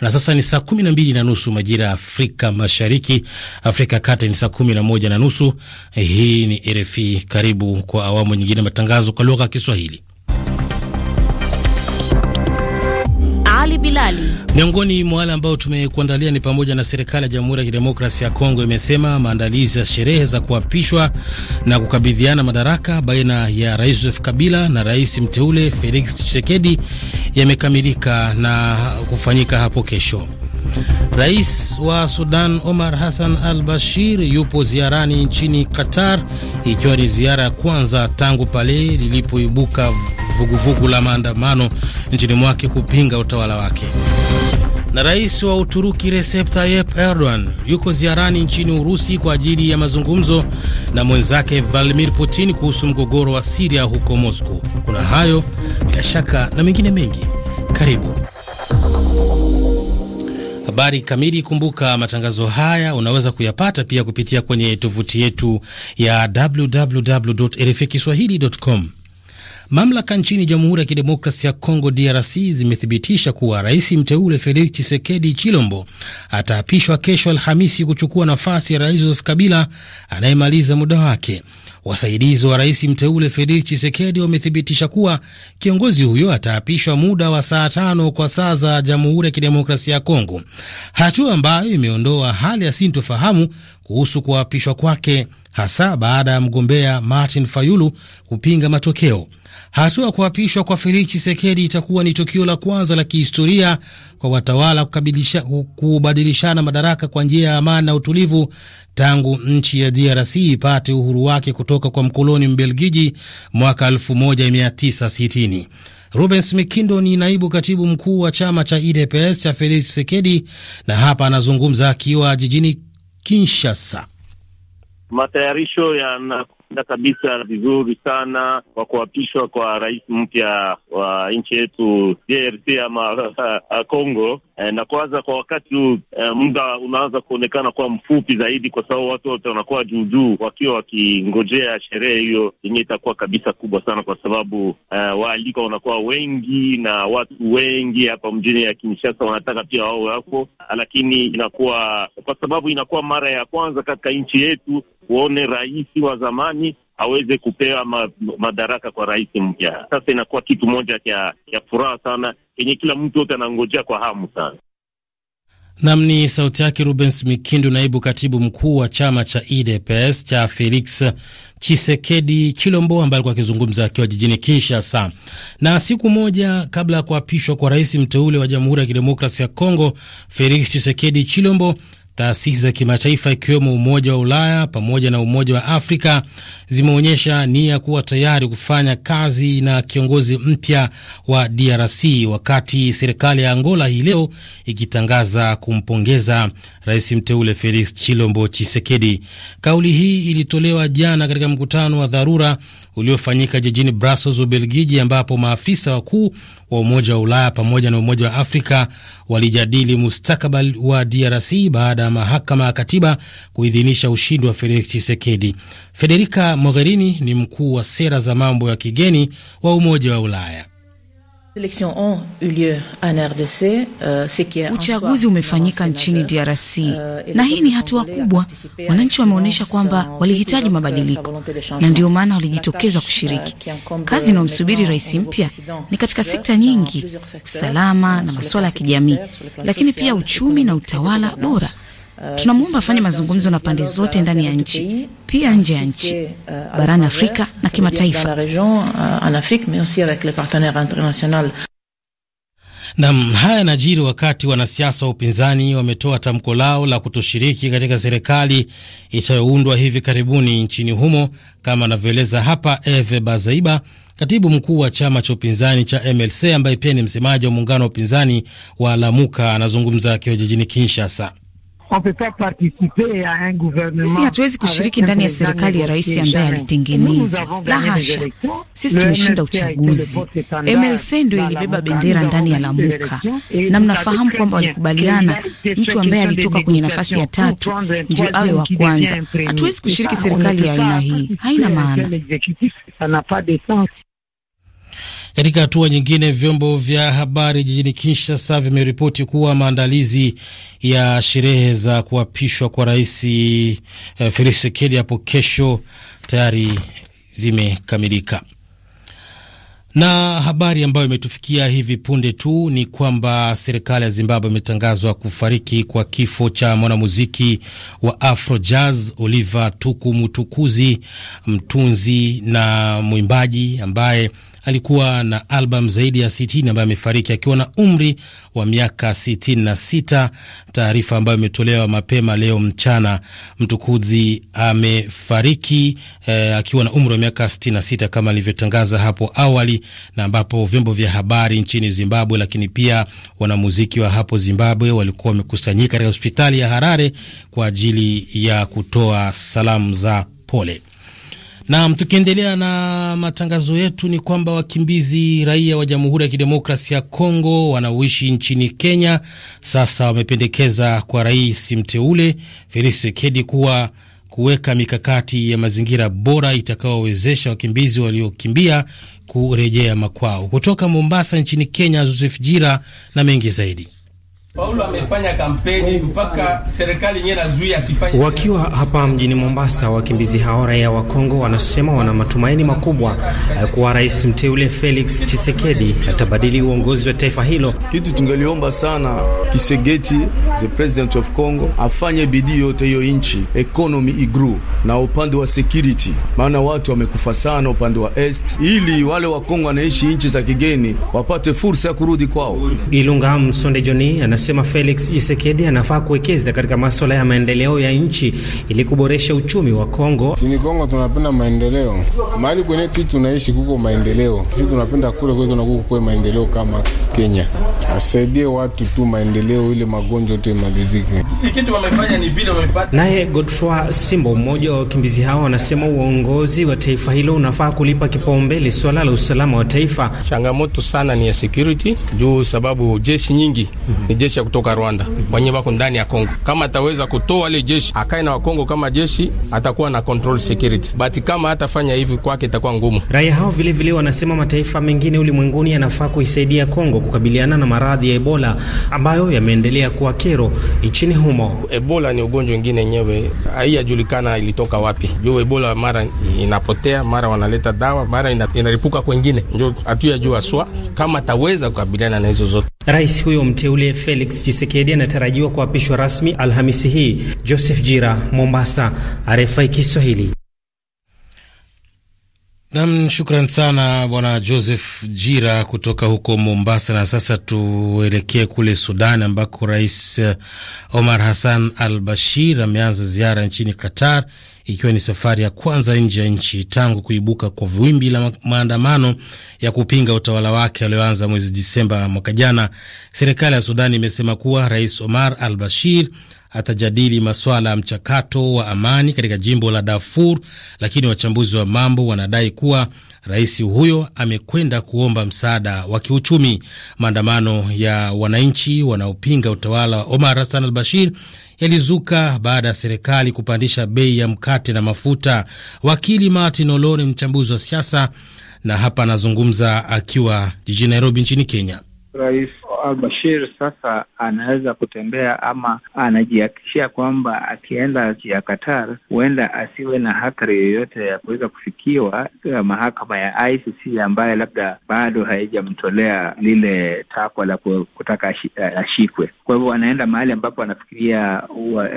Na sasa ni saa kumi na mbili na nusu majira ya Afrika Mashariki, Afrika Kati ni saa kumi na moja na nusu. Eh, hii ni RFI. Karibu kwa awamu nyingine matangazo kwa lugha ya Kiswahili. Ali Bilali. Miongoni mwa wale ambao tumekuandalia ni pamoja na serikali ya Jamhuri ya Kidemokrasia ya Kongo imesema maandalizi ya sherehe za kuapishwa na kukabidhiana madaraka baina ya Rais Joseph Kabila na rais mteule Felix Tshisekedi yamekamilika na kufanyika hapo kesho. Rais wa Sudan Omar Hassan al Bashir yupo ziarani nchini Qatar, ikiwa ni ziara ya kwanza tangu pale lilipoibuka vuguvugu la maandamano nchini mwake kupinga utawala wake. Na rais wa Uturuki Recep Tayyip Erdogan yuko ziarani nchini Urusi kwa ajili ya mazungumzo na mwenzake Vladimir Putin kuhusu mgogoro wa Siria huko Moscow. Kuna hayo bila shaka na mengine mengi, karibu Habari kamili. Kumbuka matangazo haya unaweza kuyapata pia kupitia kwenye tovuti yetu ya www Mamlaka nchini Jamhuri ya Kidemokrasi ya Kongo, DRC, zimethibitisha kuwa rais mteule Felix Chisekedi Chilombo ataapishwa kesho Alhamisi kuchukua nafasi ya rais Joseph Kabila anayemaliza muda wake. Wasaidizi wa rais mteule Felix Chisekedi wamethibitisha kuwa kiongozi huyo ataapishwa muda wa saa tano kwa saa za Jamhuri ya Kidemokrasia ya Kongo, hatua ambayo imeondoa hali ya sintofahamu kuhusu kuapishwa kwake hasa baada ya mgombea Martin Fayulu kupinga matokeo. Hatua ya kuapishwa kwa Felix chisekedi itakuwa ni tukio la kwanza la kihistoria kwa watawala kubadilishana madaraka kwa njia ya amani na utulivu tangu nchi ya DRC ipate uhuru wake kutoka kwa mkoloni Mbelgiji mwaka 1960. Rubens Mikindo ni naibu katibu mkuu wa chama cha edps cha Felix chisekedi na hapa anazungumza akiwa jijini Kinshasa matayarisho yanakwenda kabisa vizuri sana kwa kuapishwa kwa rais mpya wa nchi yetu DRC ama Congo e, na kwanza kwa wakati huu e, muda unaanza kuonekana kuwa mfupi zaidi, kwa sababu watu wote wanakuwa juujuu wakiwa wakingojea sherehe hiyo yenye itakuwa kabisa kubwa sana, kwa sababu e, eh, waalika wanakuwa wengi na watu wengi hapa mjini ya Kinshasa wanataka pia wao wako, lakini inakuwa kwa sababu inakuwa mara ya kwanza katika nchi yetu uone rais wa zamani aweze kupewa ma, madaraka kwa rais mpya. Sasa inakuwa kitu moja kya, kya furaha sana yenye kila mtu yote anangojea kwa hamu sana. Nam ni sauti yake Rubens Mikindu, naibu katibu mkuu wa chama cha edps cha Felix Chisekedi Chilombo, ambaye alikuwa akizungumza akiwa jijini Kinshasa. Na siku moja kabla ya kuapishwa kwa rais mteule wa Jamhuri ya kidemokrasi ya Kongo, Felix Chisekedi Chilombo Taasisi za kimataifa ikiwemo Umoja wa Ulaya pamoja na Umoja wa Afrika zimeonyesha nia kuwa tayari kufanya kazi na kiongozi mpya wa DRC, wakati serikali ya Angola hii leo ikitangaza kumpongeza rais mteule Felix Chilombo Chisekedi. Kauli hii ilitolewa jana katika mkutano wa dharura uliofanyika jijini Brussels, Ubelgiji, ambapo maafisa wakuu wa Umoja wa Ulaya pamoja na Umoja wa Afrika walijadili mustakabali wa DRC baada ya mahakama ya katiba kuidhinisha ushindi wa Felix Tshisekedi. Federica Mogherini ni mkuu wa sera za mambo ya kigeni wa Umoja wa Ulaya. Euh, Uchaguzi umefanyika nchini DRC euh, na hii ni hatua kubwa. Wananchi wameonyesha kwamba euh, walihitaji mabadiliko na ndio maana walijitokeza kushiriki. Kazi inayomsubiri rais mpya ni katika sekta nyingi, usalama na masuala ya kijamii, lakini pia uchumi na utawala bora. Tunamwomba afanye mazungumzo na pande zote ndani ya nchi pia nje ya nchi, barani Afrika na kimataifa. Nam, haya yanajiri wakati wanasiasa wa upinzani wametoa tamko lao la kutoshiriki katika serikali itayoundwa hivi karibuni nchini humo, kama anavyoeleza hapa Eve Bazaiba, katibu mkuu wa chama cha upinzani cha MLC ambaye pia ni msemaji wa muungano wa upinzani wa Lamuka. Anazungumza akiwa jijini Kinshasa. Sisi hatuwezi kushiriki ndani ya serikali ya rais ambaye alitengenezwa. La hasha, sisi tumeshinda uchaguzi. MLC ndio ilibeba bendera ndani ya Lamuka, na mnafahamu kwamba walikubaliana mtu ambaye alitoka kwenye nafasi ya tatu ndio awe wa kwanza. Hatuwezi kushiriki serikali ya aina hii, haina maana. Katika hatua nyingine, vyombo vya habari jijini Kinshasa vimeripoti kuwa maandalizi ya sherehe za kuapishwa kwa rais eh, Felix Tshisekedi hapo kesho tayari zimekamilika. Na habari ambayo imetufikia hivi punde tu ni kwamba serikali ya Zimbabwe imetangazwa kufariki kwa kifo cha mwanamuziki wa Afro Jazz Oliver Tuku Mutukuzi, mtunzi na mwimbaji ambaye alikuwa na albamu zaidi ya 60 ambaye amefariki akiwa na umri wa miaka 66, taarifa ambayo imetolewa mapema leo mchana. Mtukudzi amefariki eh, akiwa na umri wa miaka 66 kama alivyotangaza hapo awali, na ambapo vyombo vya habari nchini Zimbabwe, lakini pia wanamuziki wa hapo Zimbabwe walikuwa wamekusanyika katika hospitali ya Harare kwa ajili ya kutoa salamu za pole. Naam, tukiendelea na matangazo yetu ni kwamba wakimbizi raia wa Jamhuri ya Kidemokrasia ya Kongo wanaoishi nchini Kenya sasa wamependekeza kwa rais mteule Felix Tshisekedi kuwa kuweka mikakati ya mazingira bora itakaowezesha wakimbizi waliokimbia kurejea makwao. Kutoka Mombasa nchini Kenya, Joseph Jira na mengi zaidi. Wakiwa hapa mjini Mombasa, wakimbizi hao raia wa Kongo wanasema wana matumaini makubwa eh, kuwa rais mteule Felix Tshisekedi atabadili uongozi wa taifa hilo. Kitu tungeliomba sana kisegeti the president of Congo, afanye bidii yote hiyo nchi economy igru na upande wa security, maana watu wamekufa sana upande wa est, ili wale wa Kongo wanaishi nchi za kigeni wapate fursa ya kurudi kwao. Ilunga Msonde Joni kusema Felix Tshisekedi anafaa kuwekeza katika masuala ya maendeleo ya nchi ili kuboresha uchumi wa Kongo. Sini Kongo tunapenda maendeleo, mahali kwenye tu tunaishi kuko maendeleo, sisi tunapenda kule kwetu na kuko maendeleo. Kama Kenya asaidie watu tu maendeleo, ile magonjwa yote imalizike. Naye Godfrey Simbo, mmoja wa wakimbizi hao, anasema uongozi wa taifa hilo unafaa kulipa kipaumbele swala la usalama wa taifa. Changamoto sana ni ya security juu sababu jeshi nyingi ni jeshi majeshi ya kutoka Rwanda wenye wako ndani ya Kongo. Kama ataweza kutoa wale jeshi akae na Wakongo kama jeshi, atakuwa na control security, but kama hatafanya hivi kwake itakuwa ngumu. Raia hao vilevile vile wanasema mataifa mengine ulimwenguni yanafaa kuisaidia Kongo kukabiliana na maradhi ya Ebola ambayo yameendelea kuwa kero nchini humo. Ebola ni ugonjwa mwingine yenyewe haijulikana ilitoka wapi. Juu Ebola mara inapotea, mara wanaleta dawa, mara inaripuka kwengine, ndio hatujajua swa kama ataweza kukabiliana na hizo zote. Rais huyo mteule Felix Felix Chisekedi anatarajiwa kuapishwa rasmi Alhamisi hii. Joseph Jira, Mombasa, RFI Kiswahili. Nam, shukran sana bwana Joseph Jira kutoka huko Mombasa. Na sasa tuelekee kule Sudan ambako Rais eh, Omar Hassan al Bashir ameanza ziara nchini Qatar ikiwa ni safari ya kwanza nje ya nchi tangu kuibuka kwa wimbi la maandamano ya kupinga utawala wake alioanza mwezi Disemba mwaka jana. Serikali ya Sudani imesema kuwa Rais Omar al Bashir atajadili masuala ya mchakato wa amani katika jimbo la Darfur, lakini wachambuzi wa mambo wanadai kuwa rais huyo amekwenda kuomba msaada wa kiuchumi. Maandamano ya wananchi wanaopinga utawala wa Omar Hassan al Bashir yalizuka baada ya serikali kupandisha bei ya mkate na mafuta. Wakili Martin Olo ni mchambuzi wa siasa na hapa anazungumza akiwa jijini Nairobi nchini Kenya. Rais albashir sasa anaweza kutembea ama anajihakikishia kwamba akienda nchi ya Qatar huenda asiwe na hatari yoyote ya kuweza kufikiwa eh, mahakama ya ICC ambayo labda bado haijamtolea lile takwa la kutaka eh, ashikwe. Kwa hivyo anaenda mahali ambapo anafikiria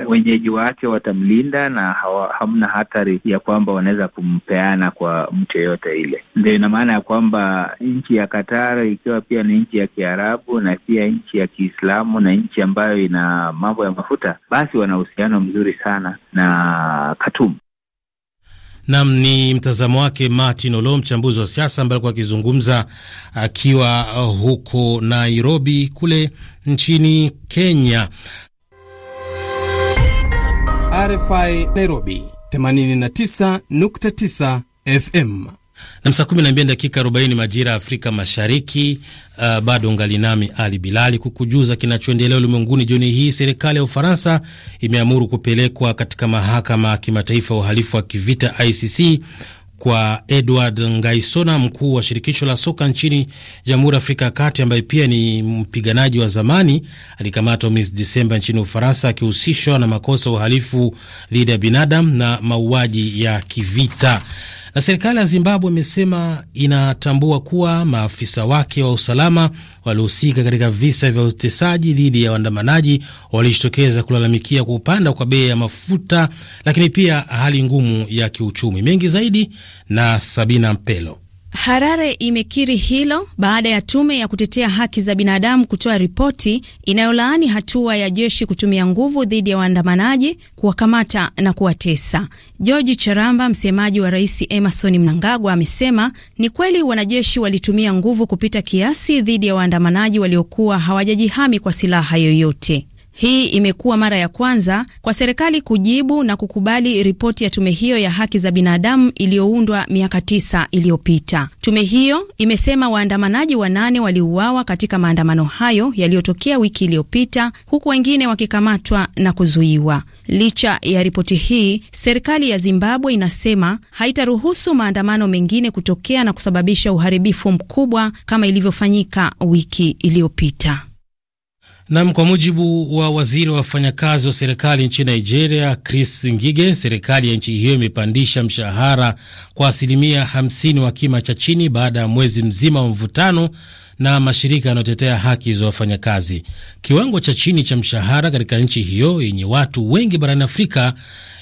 wenyeji wake watamlinda na hawa, hamna hatari ya kwamba wanaweza kumpeana kwa mtu yeyote ile. Ndio ina maana ya kwamba nchi ya Qatar ikiwa pia ni nchi ya Kiarabu na pia nchi ya Kiislamu na nchi ambayo ina mambo ya mafuta, basi wana uhusiano mzuri sana na Khartoum. Nam ni mtazamo wake Martin Olo, mchambuzi wa siasa ambaye alikuwa akizungumza akiwa uh, huko Nairobi kule nchini Kenya. RFI Nairobi 89.9 FM. Na saa mbili dakika arobaini majira ya Afrika Mashariki. Uh, bado ngali nami Ali Bilali kukujuza kinachoendelea ulimwenguni jioni hii. Serikali ya Ufaransa imeamuru kupelekwa katika mahakama ya kimataifa ya uhalifu wa kivita ICC kwa Edward Ngaisona, mkuu wa shirikisho la soka nchini Jamhuri ya Afrika ya Kati, ambaye pia ni mpiganaji wa zamani. Alikamatwa mwezi Disemba nchini Ufaransa akihusishwa na makosa ya uhalifu dhidi ya binadamu na mauaji ya kivita. Na serikali ya Zimbabwe imesema inatambua kuwa maafisa wake wa usalama waliohusika katika visa vya utesaji dhidi ya waandamanaji walijitokeza kulalamikia kupanda kwa bei ya mafuta, lakini pia hali ngumu ya kiuchumi. Mengi zaidi na Sabina Mpelo. Harare imekiri hilo baada ya tume ya kutetea haki za binadamu kutoa ripoti inayolaani hatua ya jeshi kutumia nguvu dhidi ya waandamanaji, kuwakamata na kuwatesa. George Charamba, msemaji wa Rais Emerson Mnangagwa, amesema ni kweli wanajeshi walitumia nguvu kupita kiasi dhidi ya waandamanaji waliokuwa hawajajihami kwa silaha yoyote. Hii imekuwa mara ya kwanza kwa serikali kujibu na kukubali ripoti ya tume hiyo ya haki za binadamu iliyoundwa miaka tisa iliyopita. Tume hiyo imesema waandamanaji wanane waliuawa katika maandamano hayo yaliyotokea wiki iliyopita, huku wengine wakikamatwa na kuzuiwa. Licha ya ripoti hii, serikali ya Zimbabwe inasema haitaruhusu maandamano mengine kutokea na kusababisha uharibifu mkubwa kama ilivyofanyika wiki iliyopita. Nam, kwa mujibu wa waziri wa wafanyakazi wa serikali nchini Nigeria, Chris Ngige, serikali ya nchi hiyo imepandisha mshahara kwa asilimia 50 wa kima cha chini baada ya mwezi mzima wa mvutano na mashirika yanayotetea haki za wafanyakazi. Kiwango cha chini cha mshahara katika nchi hiyo yenye watu wengi barani Afrika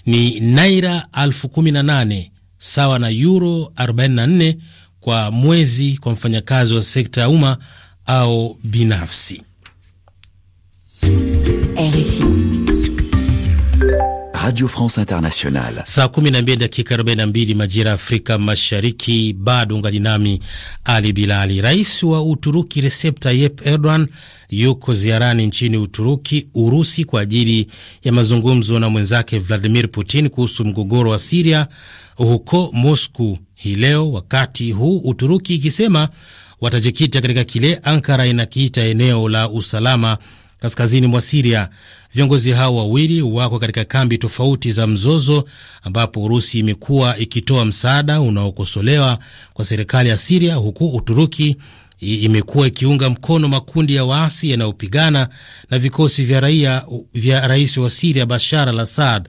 ni naira 18 sawa na euro 44 kwa mwezi kwa mfanyakazi wa sekta ya umma au binafsi. RFI Radio France Internationale. Saa 12 dakika 42 majira ya Afrika Mashariki. Bado ngali nami Ali Bilali. Rais wa Uturuki Recep Tayyip Erdogan yuko ziarani nchini Uturuki, Urusi, kwa ajili ya mazungumzo na mwenzake Vladimir Putin kuhusu mgogoro wa Siria huko Moscow hii leo, wakati huu Uturuki ikisema watajikita katika kile Ankara inakiita eneo la usalama kaskazini mwa Siria. Viongozi hao wawili wako katika kambi tofauti za mzozo, ambapo Urusi imekuwa ikitoa msaada unaokosolewa kwa serikali ya Siria, huku Uturuki imekuwa ikiunga mkono makundi ya waasi yanayopigana na vikosi vya raia vya rais wa Siria Bashar al Assad.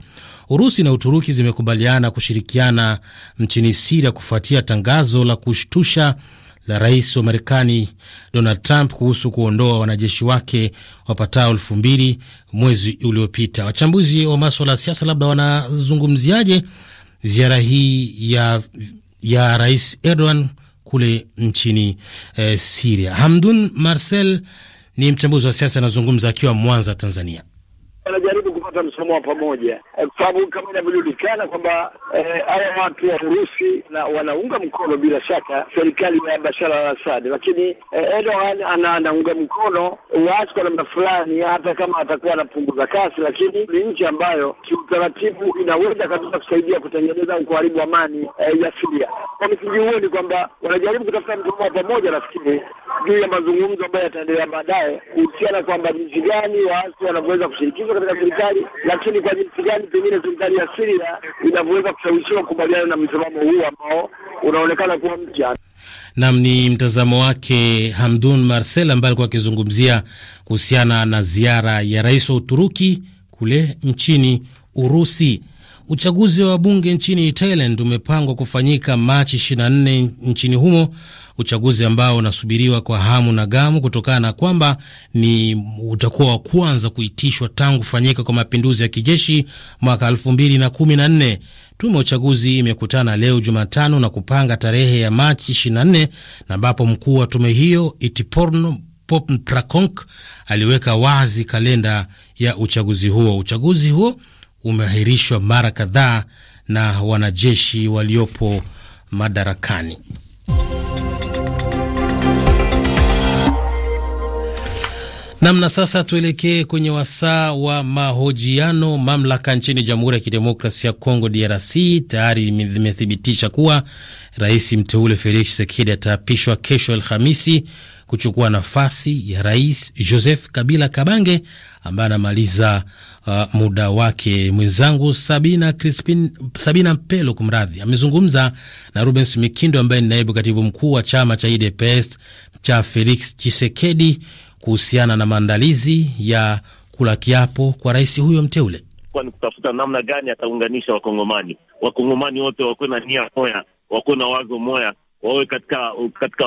Urusi na Uturuki zimekubaliana kushirikiana nchini Siria kufuatia tangazo la kushtusha la rais wa Marekani Donald Trump kuhusu kuondoa wanajeshi wake wapatao elfu mbili mwezi uliopita. Wachambuzi wa maswala ya siasa labda wanazungumziaje ziara hii ya, ya rais Erdogan kule nchini eh, Siria? Hamdun Marcel ni mchambuzi wa siasa, anazungumza akiwa Mwanza, Tanzania. Anajaribu kupata msimamo wa pamoja, eh, kwa sababu kama inavyojulikana kwamba eh, haya watu wa Urusi na wanaunga mkono bila shaka serikali ya Bashar al-Assad, lakini eh, Erdogan ana, anaunga mkono waasi kwa namna fulani, hata kama atakuwa anapunguza kasi, lakini ni nchi ambayo kiutaratibu inaweza kabisa kusaidia kutengeneza ukuharibu amani eh, ya Siria. Kwa msingi huo ni kwamba wanajaribu kutafuta msimamo wa pamoja, nafikiri juu ya mazungumzo ambayo yataendelea baadaye kuhusiana kwamba jinsi gani waasi wanavyoweza kushirikishwa katika serikali lakini kwa jinsi gani pengine serikali ya Syria inavyoweza kushawishiwa kukubaliana na msimamo huu ambao unaonekana kuwa mpya. Naam, ni mtazamo wake Hamdun Marcel ambaye alikuwa akizungumzia kuhusiana na ziara ya rais wa Uturuki kule nchini Urusi. Uchaguzi wa bunge nchini Thailand umepangwa kufanyika Machi 24 nchini humo, uchaguzi ambao unasubiriwa kwa hamu na gamu kutokana na kwamba ni utakuwa wa kwanza kuitishwa tangu kufanyika kwa mapinduzi ya kijeshi mwaka 2014. Tume ya uchaguzi imekutana leo Jumatano na kupanga tarehe ya Machi 24 na ambapo mkuu wa tume hiyo Itiporn Popracong aliweka wazi kalenda ya uchaguzi huo. Uchaguzi huo umeahirishwa mara kadhaa na wanajeshi waliopo madarakani. Namna sasa, tuelekee kwenye wasaa wa mahojiano. Mamlaka nchini Jamhuri ya Kidemokrasia ya Kongo, DRC, tayari imethibitisha kuwa rais mteule Felix Tshisekedi ataapishwa kesho Alhamisi kuchukua nafasi ya rais Joseph Kabila Kabange ambaye anamaliza uh, muda wake. Mwenzangu Sabina Crispin, Sabina Mpelo kumradhi, amezungumza na Rubens Mikindo ambaye ni naibu katibu mkuu wa chama cha UDPS cha Felix chisekedi kuhusiana na maandalizi ya kula kiapo kwa rais huyo mteule ni kutafuta namna gani ataunganisha Wakongomani. Wakongomani wote wakuwe na nia moya, wakuwe na wazo moya, wawe katika katika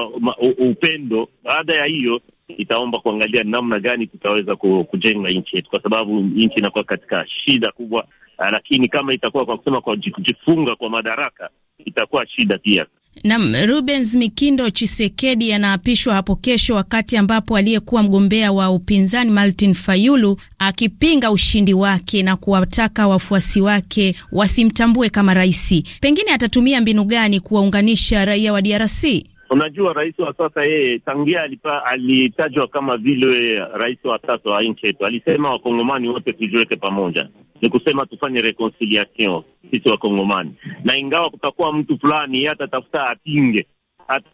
upendo. Baada ya hiyo, itaomba kuangalia namna gani tutaweza kujenga nchi yetu, kwa sababu nchi inakuwa katika shida kubwa, ah, lakini kama itakuwa kwa kusema kwa kujifunga kwa madaraka itakuwa shida pia. Nam Rubens Mikindo Chisekedi anaapishwa hapo kesho, wakati ambapo aliyekuwa mgombea wa upinzani Martin Fayulu akipinga ushindi wake na kuwataka wafuasi wake wasimtambue kama raisi. Pengine atatumia mbinu gani kuwaunganisha raia wa DRC? Unajua, rais wa sasa yeye tangia alipa, alitajwa kama vile rais wa tatu wa nchi yetu, alisema wakongomani wote tujiweke pamoja, ni kusema tufanye reconciliation sisi wakongomani, na ingawa kutakuwa mtu fulani yeye atatafuta apinge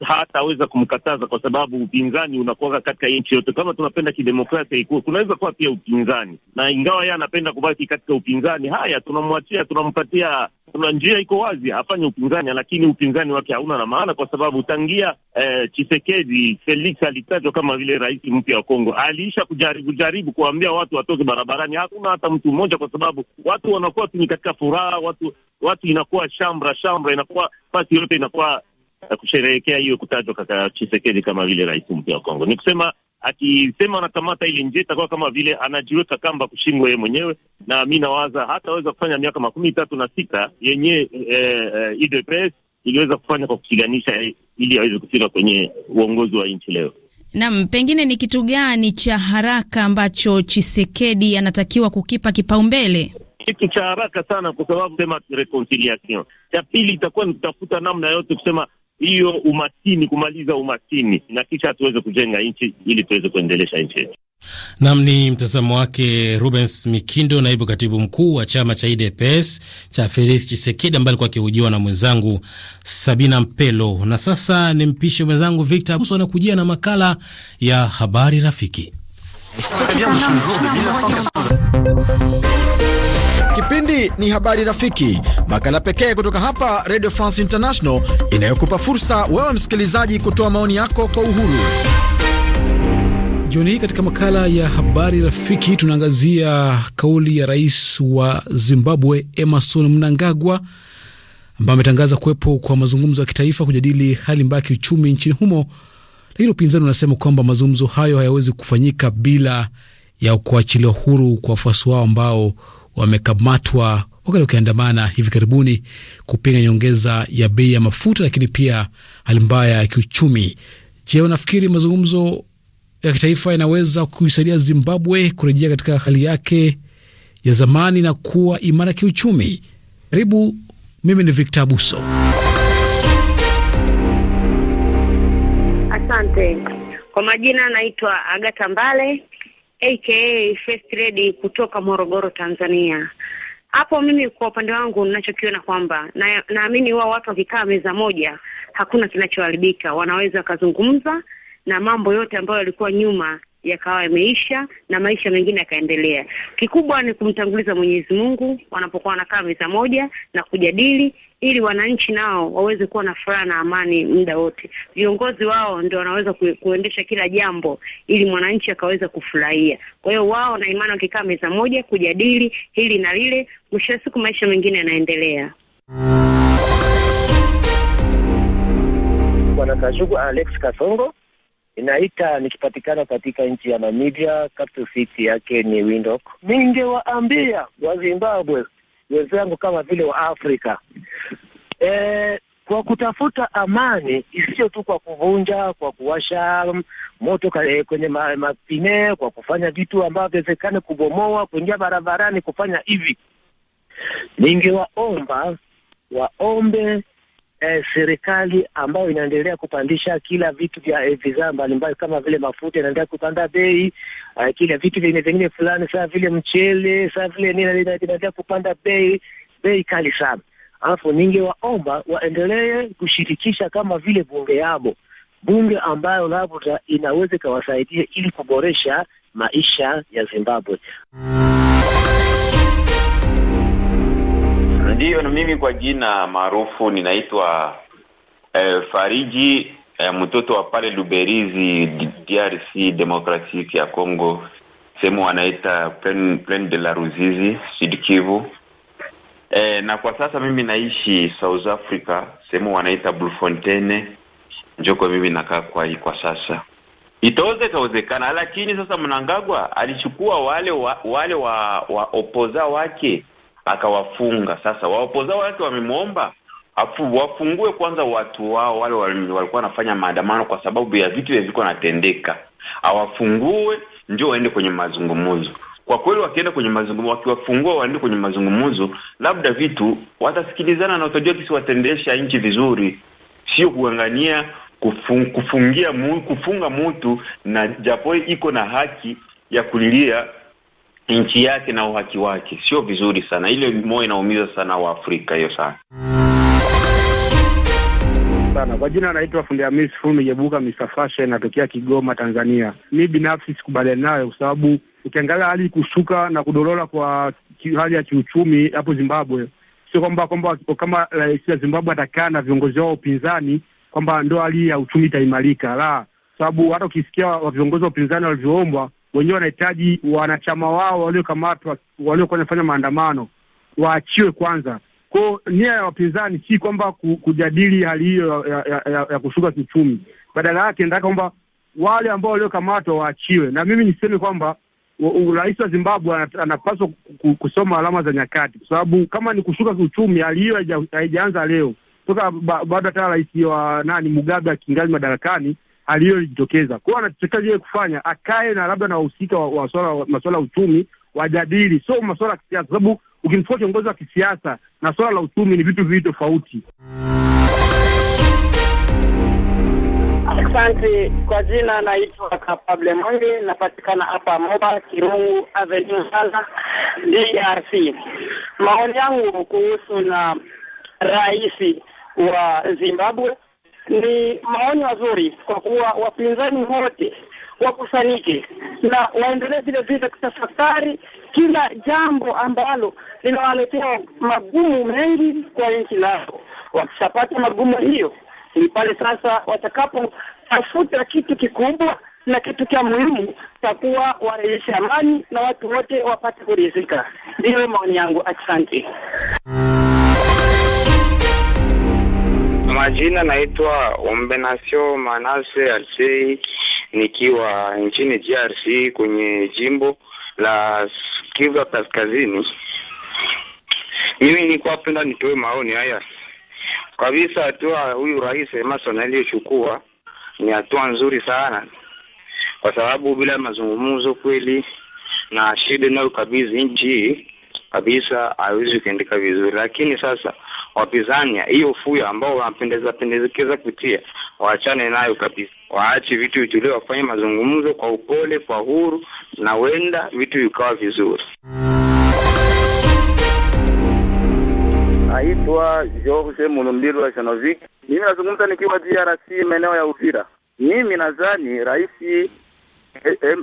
hataweza hata kumkataza kwa sababu upinzani unakuwa katika nchi yote. Kama tunapenda kidemokrasia ikuwe, kunaweza kuwa pia upinzani, na ingawa yeye anapenda kubaki katika upinzani, haya tunamwachia, tunampatia kuna njia iko wazi, afanye upinzani, lakini upinzani wake hauna na maana, kwa sababu tangia eh, Chisekedi Felix alitajwa kama vile rais mpya wa Kongo, aliisha kujaribu jaribu kuambia watu watoke barabarani, hakuna hata mtu mmoja, kwa sababu watu wanakuwa tu ni katika furaha, watu watu inakuwa shamra shamra, inakuwa fasi yote inakuwa kusherehekea hiyo kutajwa kaka Chisekedi kama vile rais mpya wa Kongo. Ni kusema akisema anakamata ili nje itakuwa kama vile anajiweka kamba kushingwa yeye mwenyewe, na mi nawaza hataweza kufanya miaka makumi tatu na sita yenye eh, UDPS eh, iliweza kufanya kwa kupiganisha ili aweze kufika kwenye uongozi wa nchi leo. Naam, pengine ni kitu gani cha haraka ambacho Chisekedi anatakiwa kukipa kipaumbele? Kitu cha haraka sana, kwa sababu sema reconciliation. Cha pili itakuwa ni kutafuta namna yote kusema hiyo umaskini, kumaliza umaskini, na kisha tuweze kujenga nchi ili tuweze kuendelesha nchi yetu. Nam ni mtazamo wake Rubens Mikindo, naibu katibu mkuu wa chama cha IDPS cha Felix chisekedi ambaye alikuwa akihujiwa na mwenzangu Sabina Mpelo. Na sasa ni mpishe mwenzangu Victor Abuso anakujia na makala ya habari rafiki Kipindi ni Habari Rafiki, makala pekee kutoka hapa Radio France International inayokupa fursa wewe msikilizaji kutoa maoni yako kwa uhuru. Jioni hii katika makala ya Habari Rafiki tunaangazia kauli ya rais wa Zimbabwe Emerson Mnangagwa ambaye ametangaza kuwepo kwa mazungumzo ya kitaifa kujadili hali mbaya ya kiuchumi nchini humo, lakini upinzani unasema kwamba mazungumzo hayo hayawezi kufanyika bila ya kuachiliwa huru kwa wafuasi wao ambao wamekamatwa wakati wakiandamana hivi karibuni kupinga nyongeza ya bei ya mafuta, lakini pia hali mbaya ya kiuchumi. Je, unafikiri mazungumzo ya kitaifa yanaweza kuisaidia Zimbabwe kurejea katika hali yake ya zamani na kuwa imara kiuchumi? Karibu, mimi ni Victor Abuso. Asante kwa majina, naitwa Agata Mbale aka First Lady kutoka Morogoro, Tanzania. Hapo mimi kwa upande wangu ninachokiona kwamba naamini na wao watu wakikaa meza moja hakuna kinachoharibika, wanaweza wakazungumza na mambo yote ambayo yalikuwa nyuma yakawa yameisha na maisha mengine yakaendelea. Kikubwa ni kumtanguliza Mwenyezi Mungu wanapokuwa wanakaa meza moja na kujadili ili wananchi nao waweze kuwa na furaha na amani muda wote. Viongozi wao ndio wanaweza kuendesha kila jambo ili mwananchi akaweza kufurahia. Kwa hiyo wao na imani wakikaa meza moja kujadili hili na lile, mwisho wa siku maisha mengine yanaendelea. Bwana Kashugu Alex Kasongo inaita nikipatikana katika nchi ya Namibia, capital city yake ni Windhoek. Ningewaambia wa zimbabwe wenzangu kama vile Afrika e, kwa kutafuta amani isiyo tu kwa kuvunja, kwa kuwasha moto e, kwenye mapine, kwa kufanya vitu ambavyo viwezekane kubomoa, kuingia barabarani, kufanya hivi, ningewaomba waombe eh, serikali ambayo inaendelea kupandisha kila vitu vya eh, bidhaa mbalimbali kama vile mafuta inaendelea kupanda bei eh, kila vitu vingine vingine fulani saa vile mchele saa vile nini inaendelea kupanda bei bei kali sana. Alafu ningewaomba waendelee kushirikisha kama vile bunge yabo, bunge ambayo labda inaweza ikawasaidia ili kuboresha maisha ya Zimbabwe. Ndiyo, na mimi kwa jina maarufu ninaitwa eh, Fariji eh, mtoto wa pale Luberizi, DRC Democratic ya Congo, sehemu wanaita plain, plain de la Ruzizi, Sud Kivu. Eh, na kwa sasa mimi naishi South Africa, sehemu wanaita Bloemfontein, njoko mimi nakaa kwa hii kwa sasa Itoze kawezekana, lakini sasa Mnangagwa alichukua wale wa, wale wa, wa opoza wake akawafunga. Sasa wapozao wake wamemwomba afu wafungue kwanza watu wao wale walikuwa wanafanya maandamano kwa sababu ya vitu vilivyokuwa natendeka, awafungue ndio waende kwenye mazungumzo. Kwa kweli wakienda kwenye mazungumzo, wakiwafungua waende kwenye mazungumzo, labda vitu watasikilizana na watajua kisi watendesha nchi vizuri, sio kuangania kufungia mu, kufunga mtu na japo iko na haki ya kulilia nchi yake na uhaki wake. Sio vizuri sana, ile moyo inaumiza sana Waafrika hiyo sana sana. Kwa jina anaitwa Fundi Hamis Fumi Jebuka Mr Fashe, inatokea Kigoma, Tanzania. Mi binafsi sikubaliani nayo kwa sababu ukiangalia hali kushuka na kudorora kwa hali ya kiuchumi hapo Zimbabwe, sio kwamba kwamba kama rais wa Zimbabwe atakaa na viongozi wao upinzani kwamba ndo hali ya uchumi itaimarika, la sababu hata ukisikia viongozi wa upinzani walivyoombwa wenyewe wanahitaji wanachama wao waliokamatwa, waliokuwa wanafanya maandamano waachiwe kwanza. Kwao nia ya wapinzani si kwamba kujadili hali hiyo ya, ya, ya, ya kushuka kiuchumi, badala yake nataka kwamba wale ambao waliokamatwa waachiwe. Na mimi niseme kwamba rais wa Zimbabwe anapaswa kusoma alama za nyakati, kwa sababu kama ni kushuka kiuchumi, hali hiyo haijaanza leo toka bado hata rais wa nani Mugabe akingali madarakani aliyojitokeza. Kwa hiyo anachotaka yeye kufanya akae na labda na wahusika wa, wa, wa, masuala ya uchumi wajadili, sio masuala ya kisiasa, sababu ukimchukua kiongozi wa kisiasa na swala la uchumi ni vitu viwili tofauti. Asante kwa jina, naitwa Kapable Mwangi, napatikana hapa Moba Kirungu Avenue Sala, DRC. Maoni yangu kuhusu na rais wa Zimbabwe ni maoni mazuri kwa kuwa wapinzani wote wakusanyike na waendelee vile vile kutafakari kila jambo ambalo linawaletea magumu mengi kwa nchi lao. Wakishapata magumu hiyo, ni pale sasa watakapotafuta kitu kikubwa na kitu cha muhimu cha kuwa warejeshe amani na watu wote wapate kuridhika. Ndiyo maoni yangu, asante majina naitwa Ombenasio Manase Alsei, nikiwa nchini DRC kwenye jimbo la Kivu Kaskazini. Mimi niko penda nitoe maoni haya kabisa. Hatua huyu Rais Emerson aliyochukua ni hatua nzuri sana, kwa sababu bila mazungumzo kweli na shida inayokabidhi nchi hii kabisa awezi kuendeka vizuri, lakini sasa wapizania hiyo fuya ambao wanapendeza pendekeza kutia, waachane nayo kabisa, waache vitu vitulie, wafanye mazungumzo kwa upole, kwa huru, na wenda vitu vikawa vizuri. Naitwa George wa Shanovic, mimi nazungumza nikiwa DRC maeneo ya Uvira. Mimi nadhani rais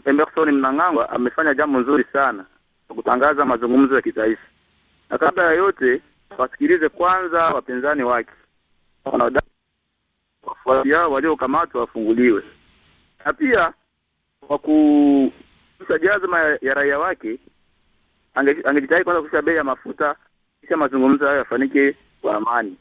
Emerson Mnangagwa amefanya jambo nzuri sana kutangaza mazungumzo ya kitaifa, na kabla ya yote wasikilize kwanza wapinzani wake, wanaodai wafuasi hao waliokamatwa wafunguliwe, na pia kwa kusa jazma ya raia wake angejitahidi kwanza kusha bei ya mafuta, kisha mazungumzo hayo yafanyike kwa amani.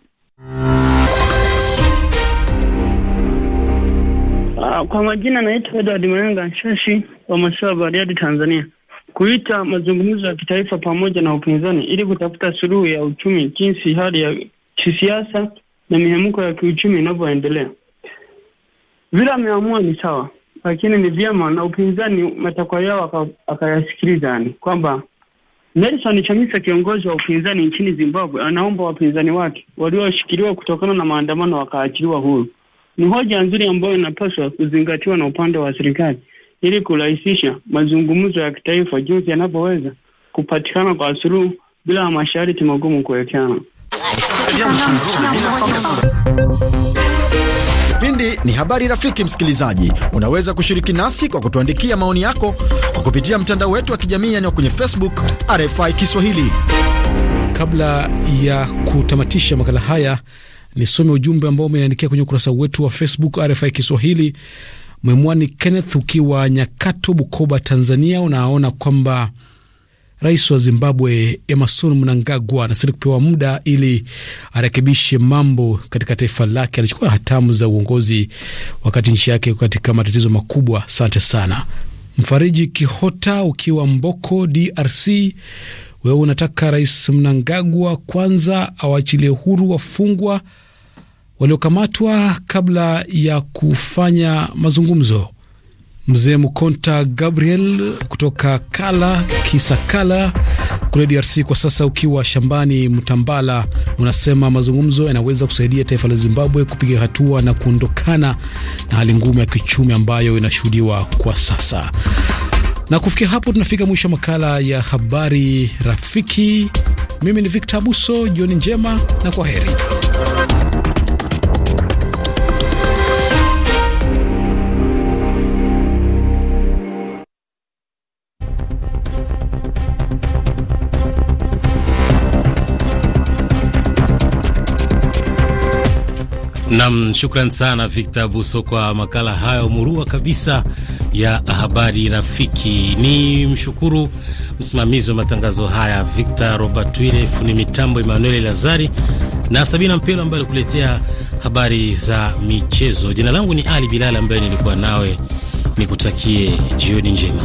Ah, kwa majina naitwa Edward Mayanga Nshashi wa Mashawa Bariadi, Tanzania kuita mazungumzo ya kitaifa pamoja na upinzani ili kutafuta suluhu ya uchumi jinsi hali ya kisiasa na mihemko ya kiuchumi inavyoendelea. Vile ameamua ni sawa, lakini ni vyema na upinzani matakwa yao akayasikiliza, yani kwamba Nelson Chamisa, kiongozi wa upinzani nchini Zimbabwe, anaomba wapinzani wake walioshikiliwa kutokana na maandamano wakaachiliwa huru. Ni hoja nzuri ambayo inapaswa kuzingatiwa na upande wa serikali ili kurahisisha mazungumzo ya kitaifa jinsi yanavyoweza kupatikana kwa suluhu bila masharti magumu kuwekana. Kipindi ni habari. Rafiki msikilizaji, unaweza kushiriki nasi kwa kutuandikia maoni yako kwa kupitia mtandao wetu wa kijamii yani kwenye Facebook RFI Kiswahili. Kabla ya kutamatisha makala haya, nisome ujumbe ambao umeandikia kwenye ukurasa wetu wa Facebook RFI Kiswahili. Mwemwani Kenneth, ukiwa Nyakato, Bukoba, Tanzania, unaona kwamba rais wa Zimbabwe Emerson Mnangagwa anastahili kupewa muda ili arekebishe mambo katika taifa lake. Alichukua hatamu za uongozi wakati nchi yake katika matatizo makubwa. Asante sana. Mfariji Kihota ukiwa Mboko, DRC, wewe unataka Rais Mnangagwa kwanza awaachilie huru wafungwa waliokamatwa kabla ya kufanya mazungumzo. Mzee Mukonta Gabriel kutoka Kala Kisakala kule DRC, kwa sasa ukiwa shambani Mtambala, unasema mazungumzo yanaweza kusaidia taifa la Zimbabwe kupiga hatua na kuondokana na hali ngumu ya kiuchumi ambayo inashuhudiwa kwa sasa. Na kufikia hapo, tunafika mwisho wa makala ya habari rafiki. Mimi ni Victor Abuso, jioni njema na kwa heri. Nam, shukran sana Victor Buso kwa makala hayo murua kabisa ya habari rafiki. Ni mshukuru msimamizi wa matangazo haya Victor Robert Wile, fundi mitambo Emmanuel Lazari na Sabina Mpelo ambaye alikuletea habari za michezo. Jina langu ni Ali Bilal ambaye nilikuwa nawe, nikutakie jioni njema.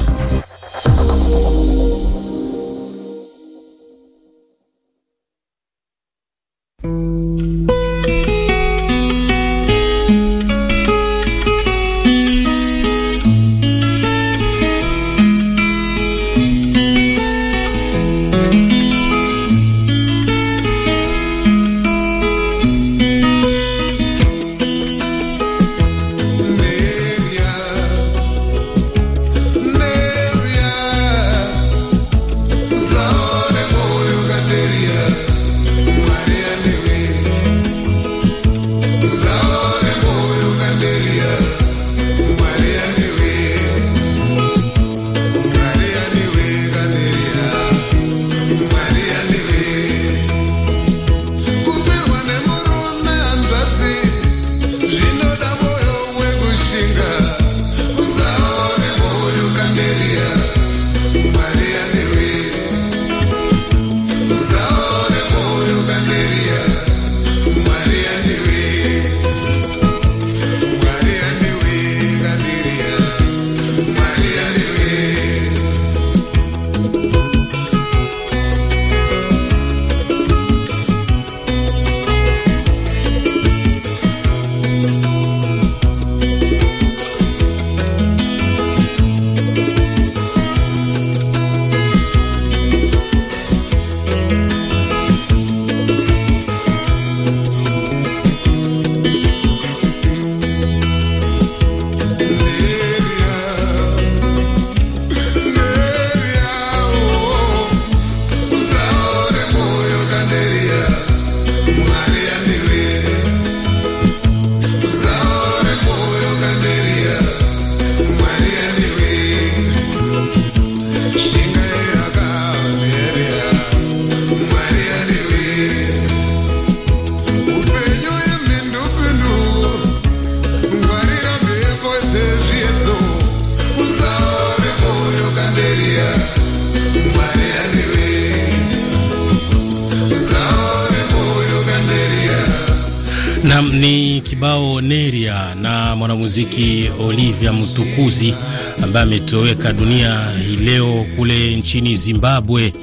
ametoweka dunia hii leo kule nchini Zimbabwe,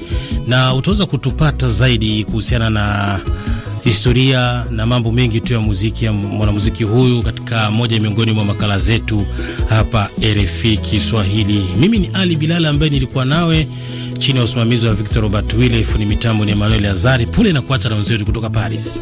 na utaweza kutupata zaidi kuhusiana na historia na mambo mengi tu ya muziki ya mwanamuziki huyu katika moja miongoni mwa makala zetu hapa RFI Kiswahili. Mimi ni Ali Bilal ambaye nilikuwa nawe chini ya usimamizi wa Victor Robert Wille, fundi mitambo ni Emmanuel Azari Pule na kuacha na wenzetu kutoka Paris.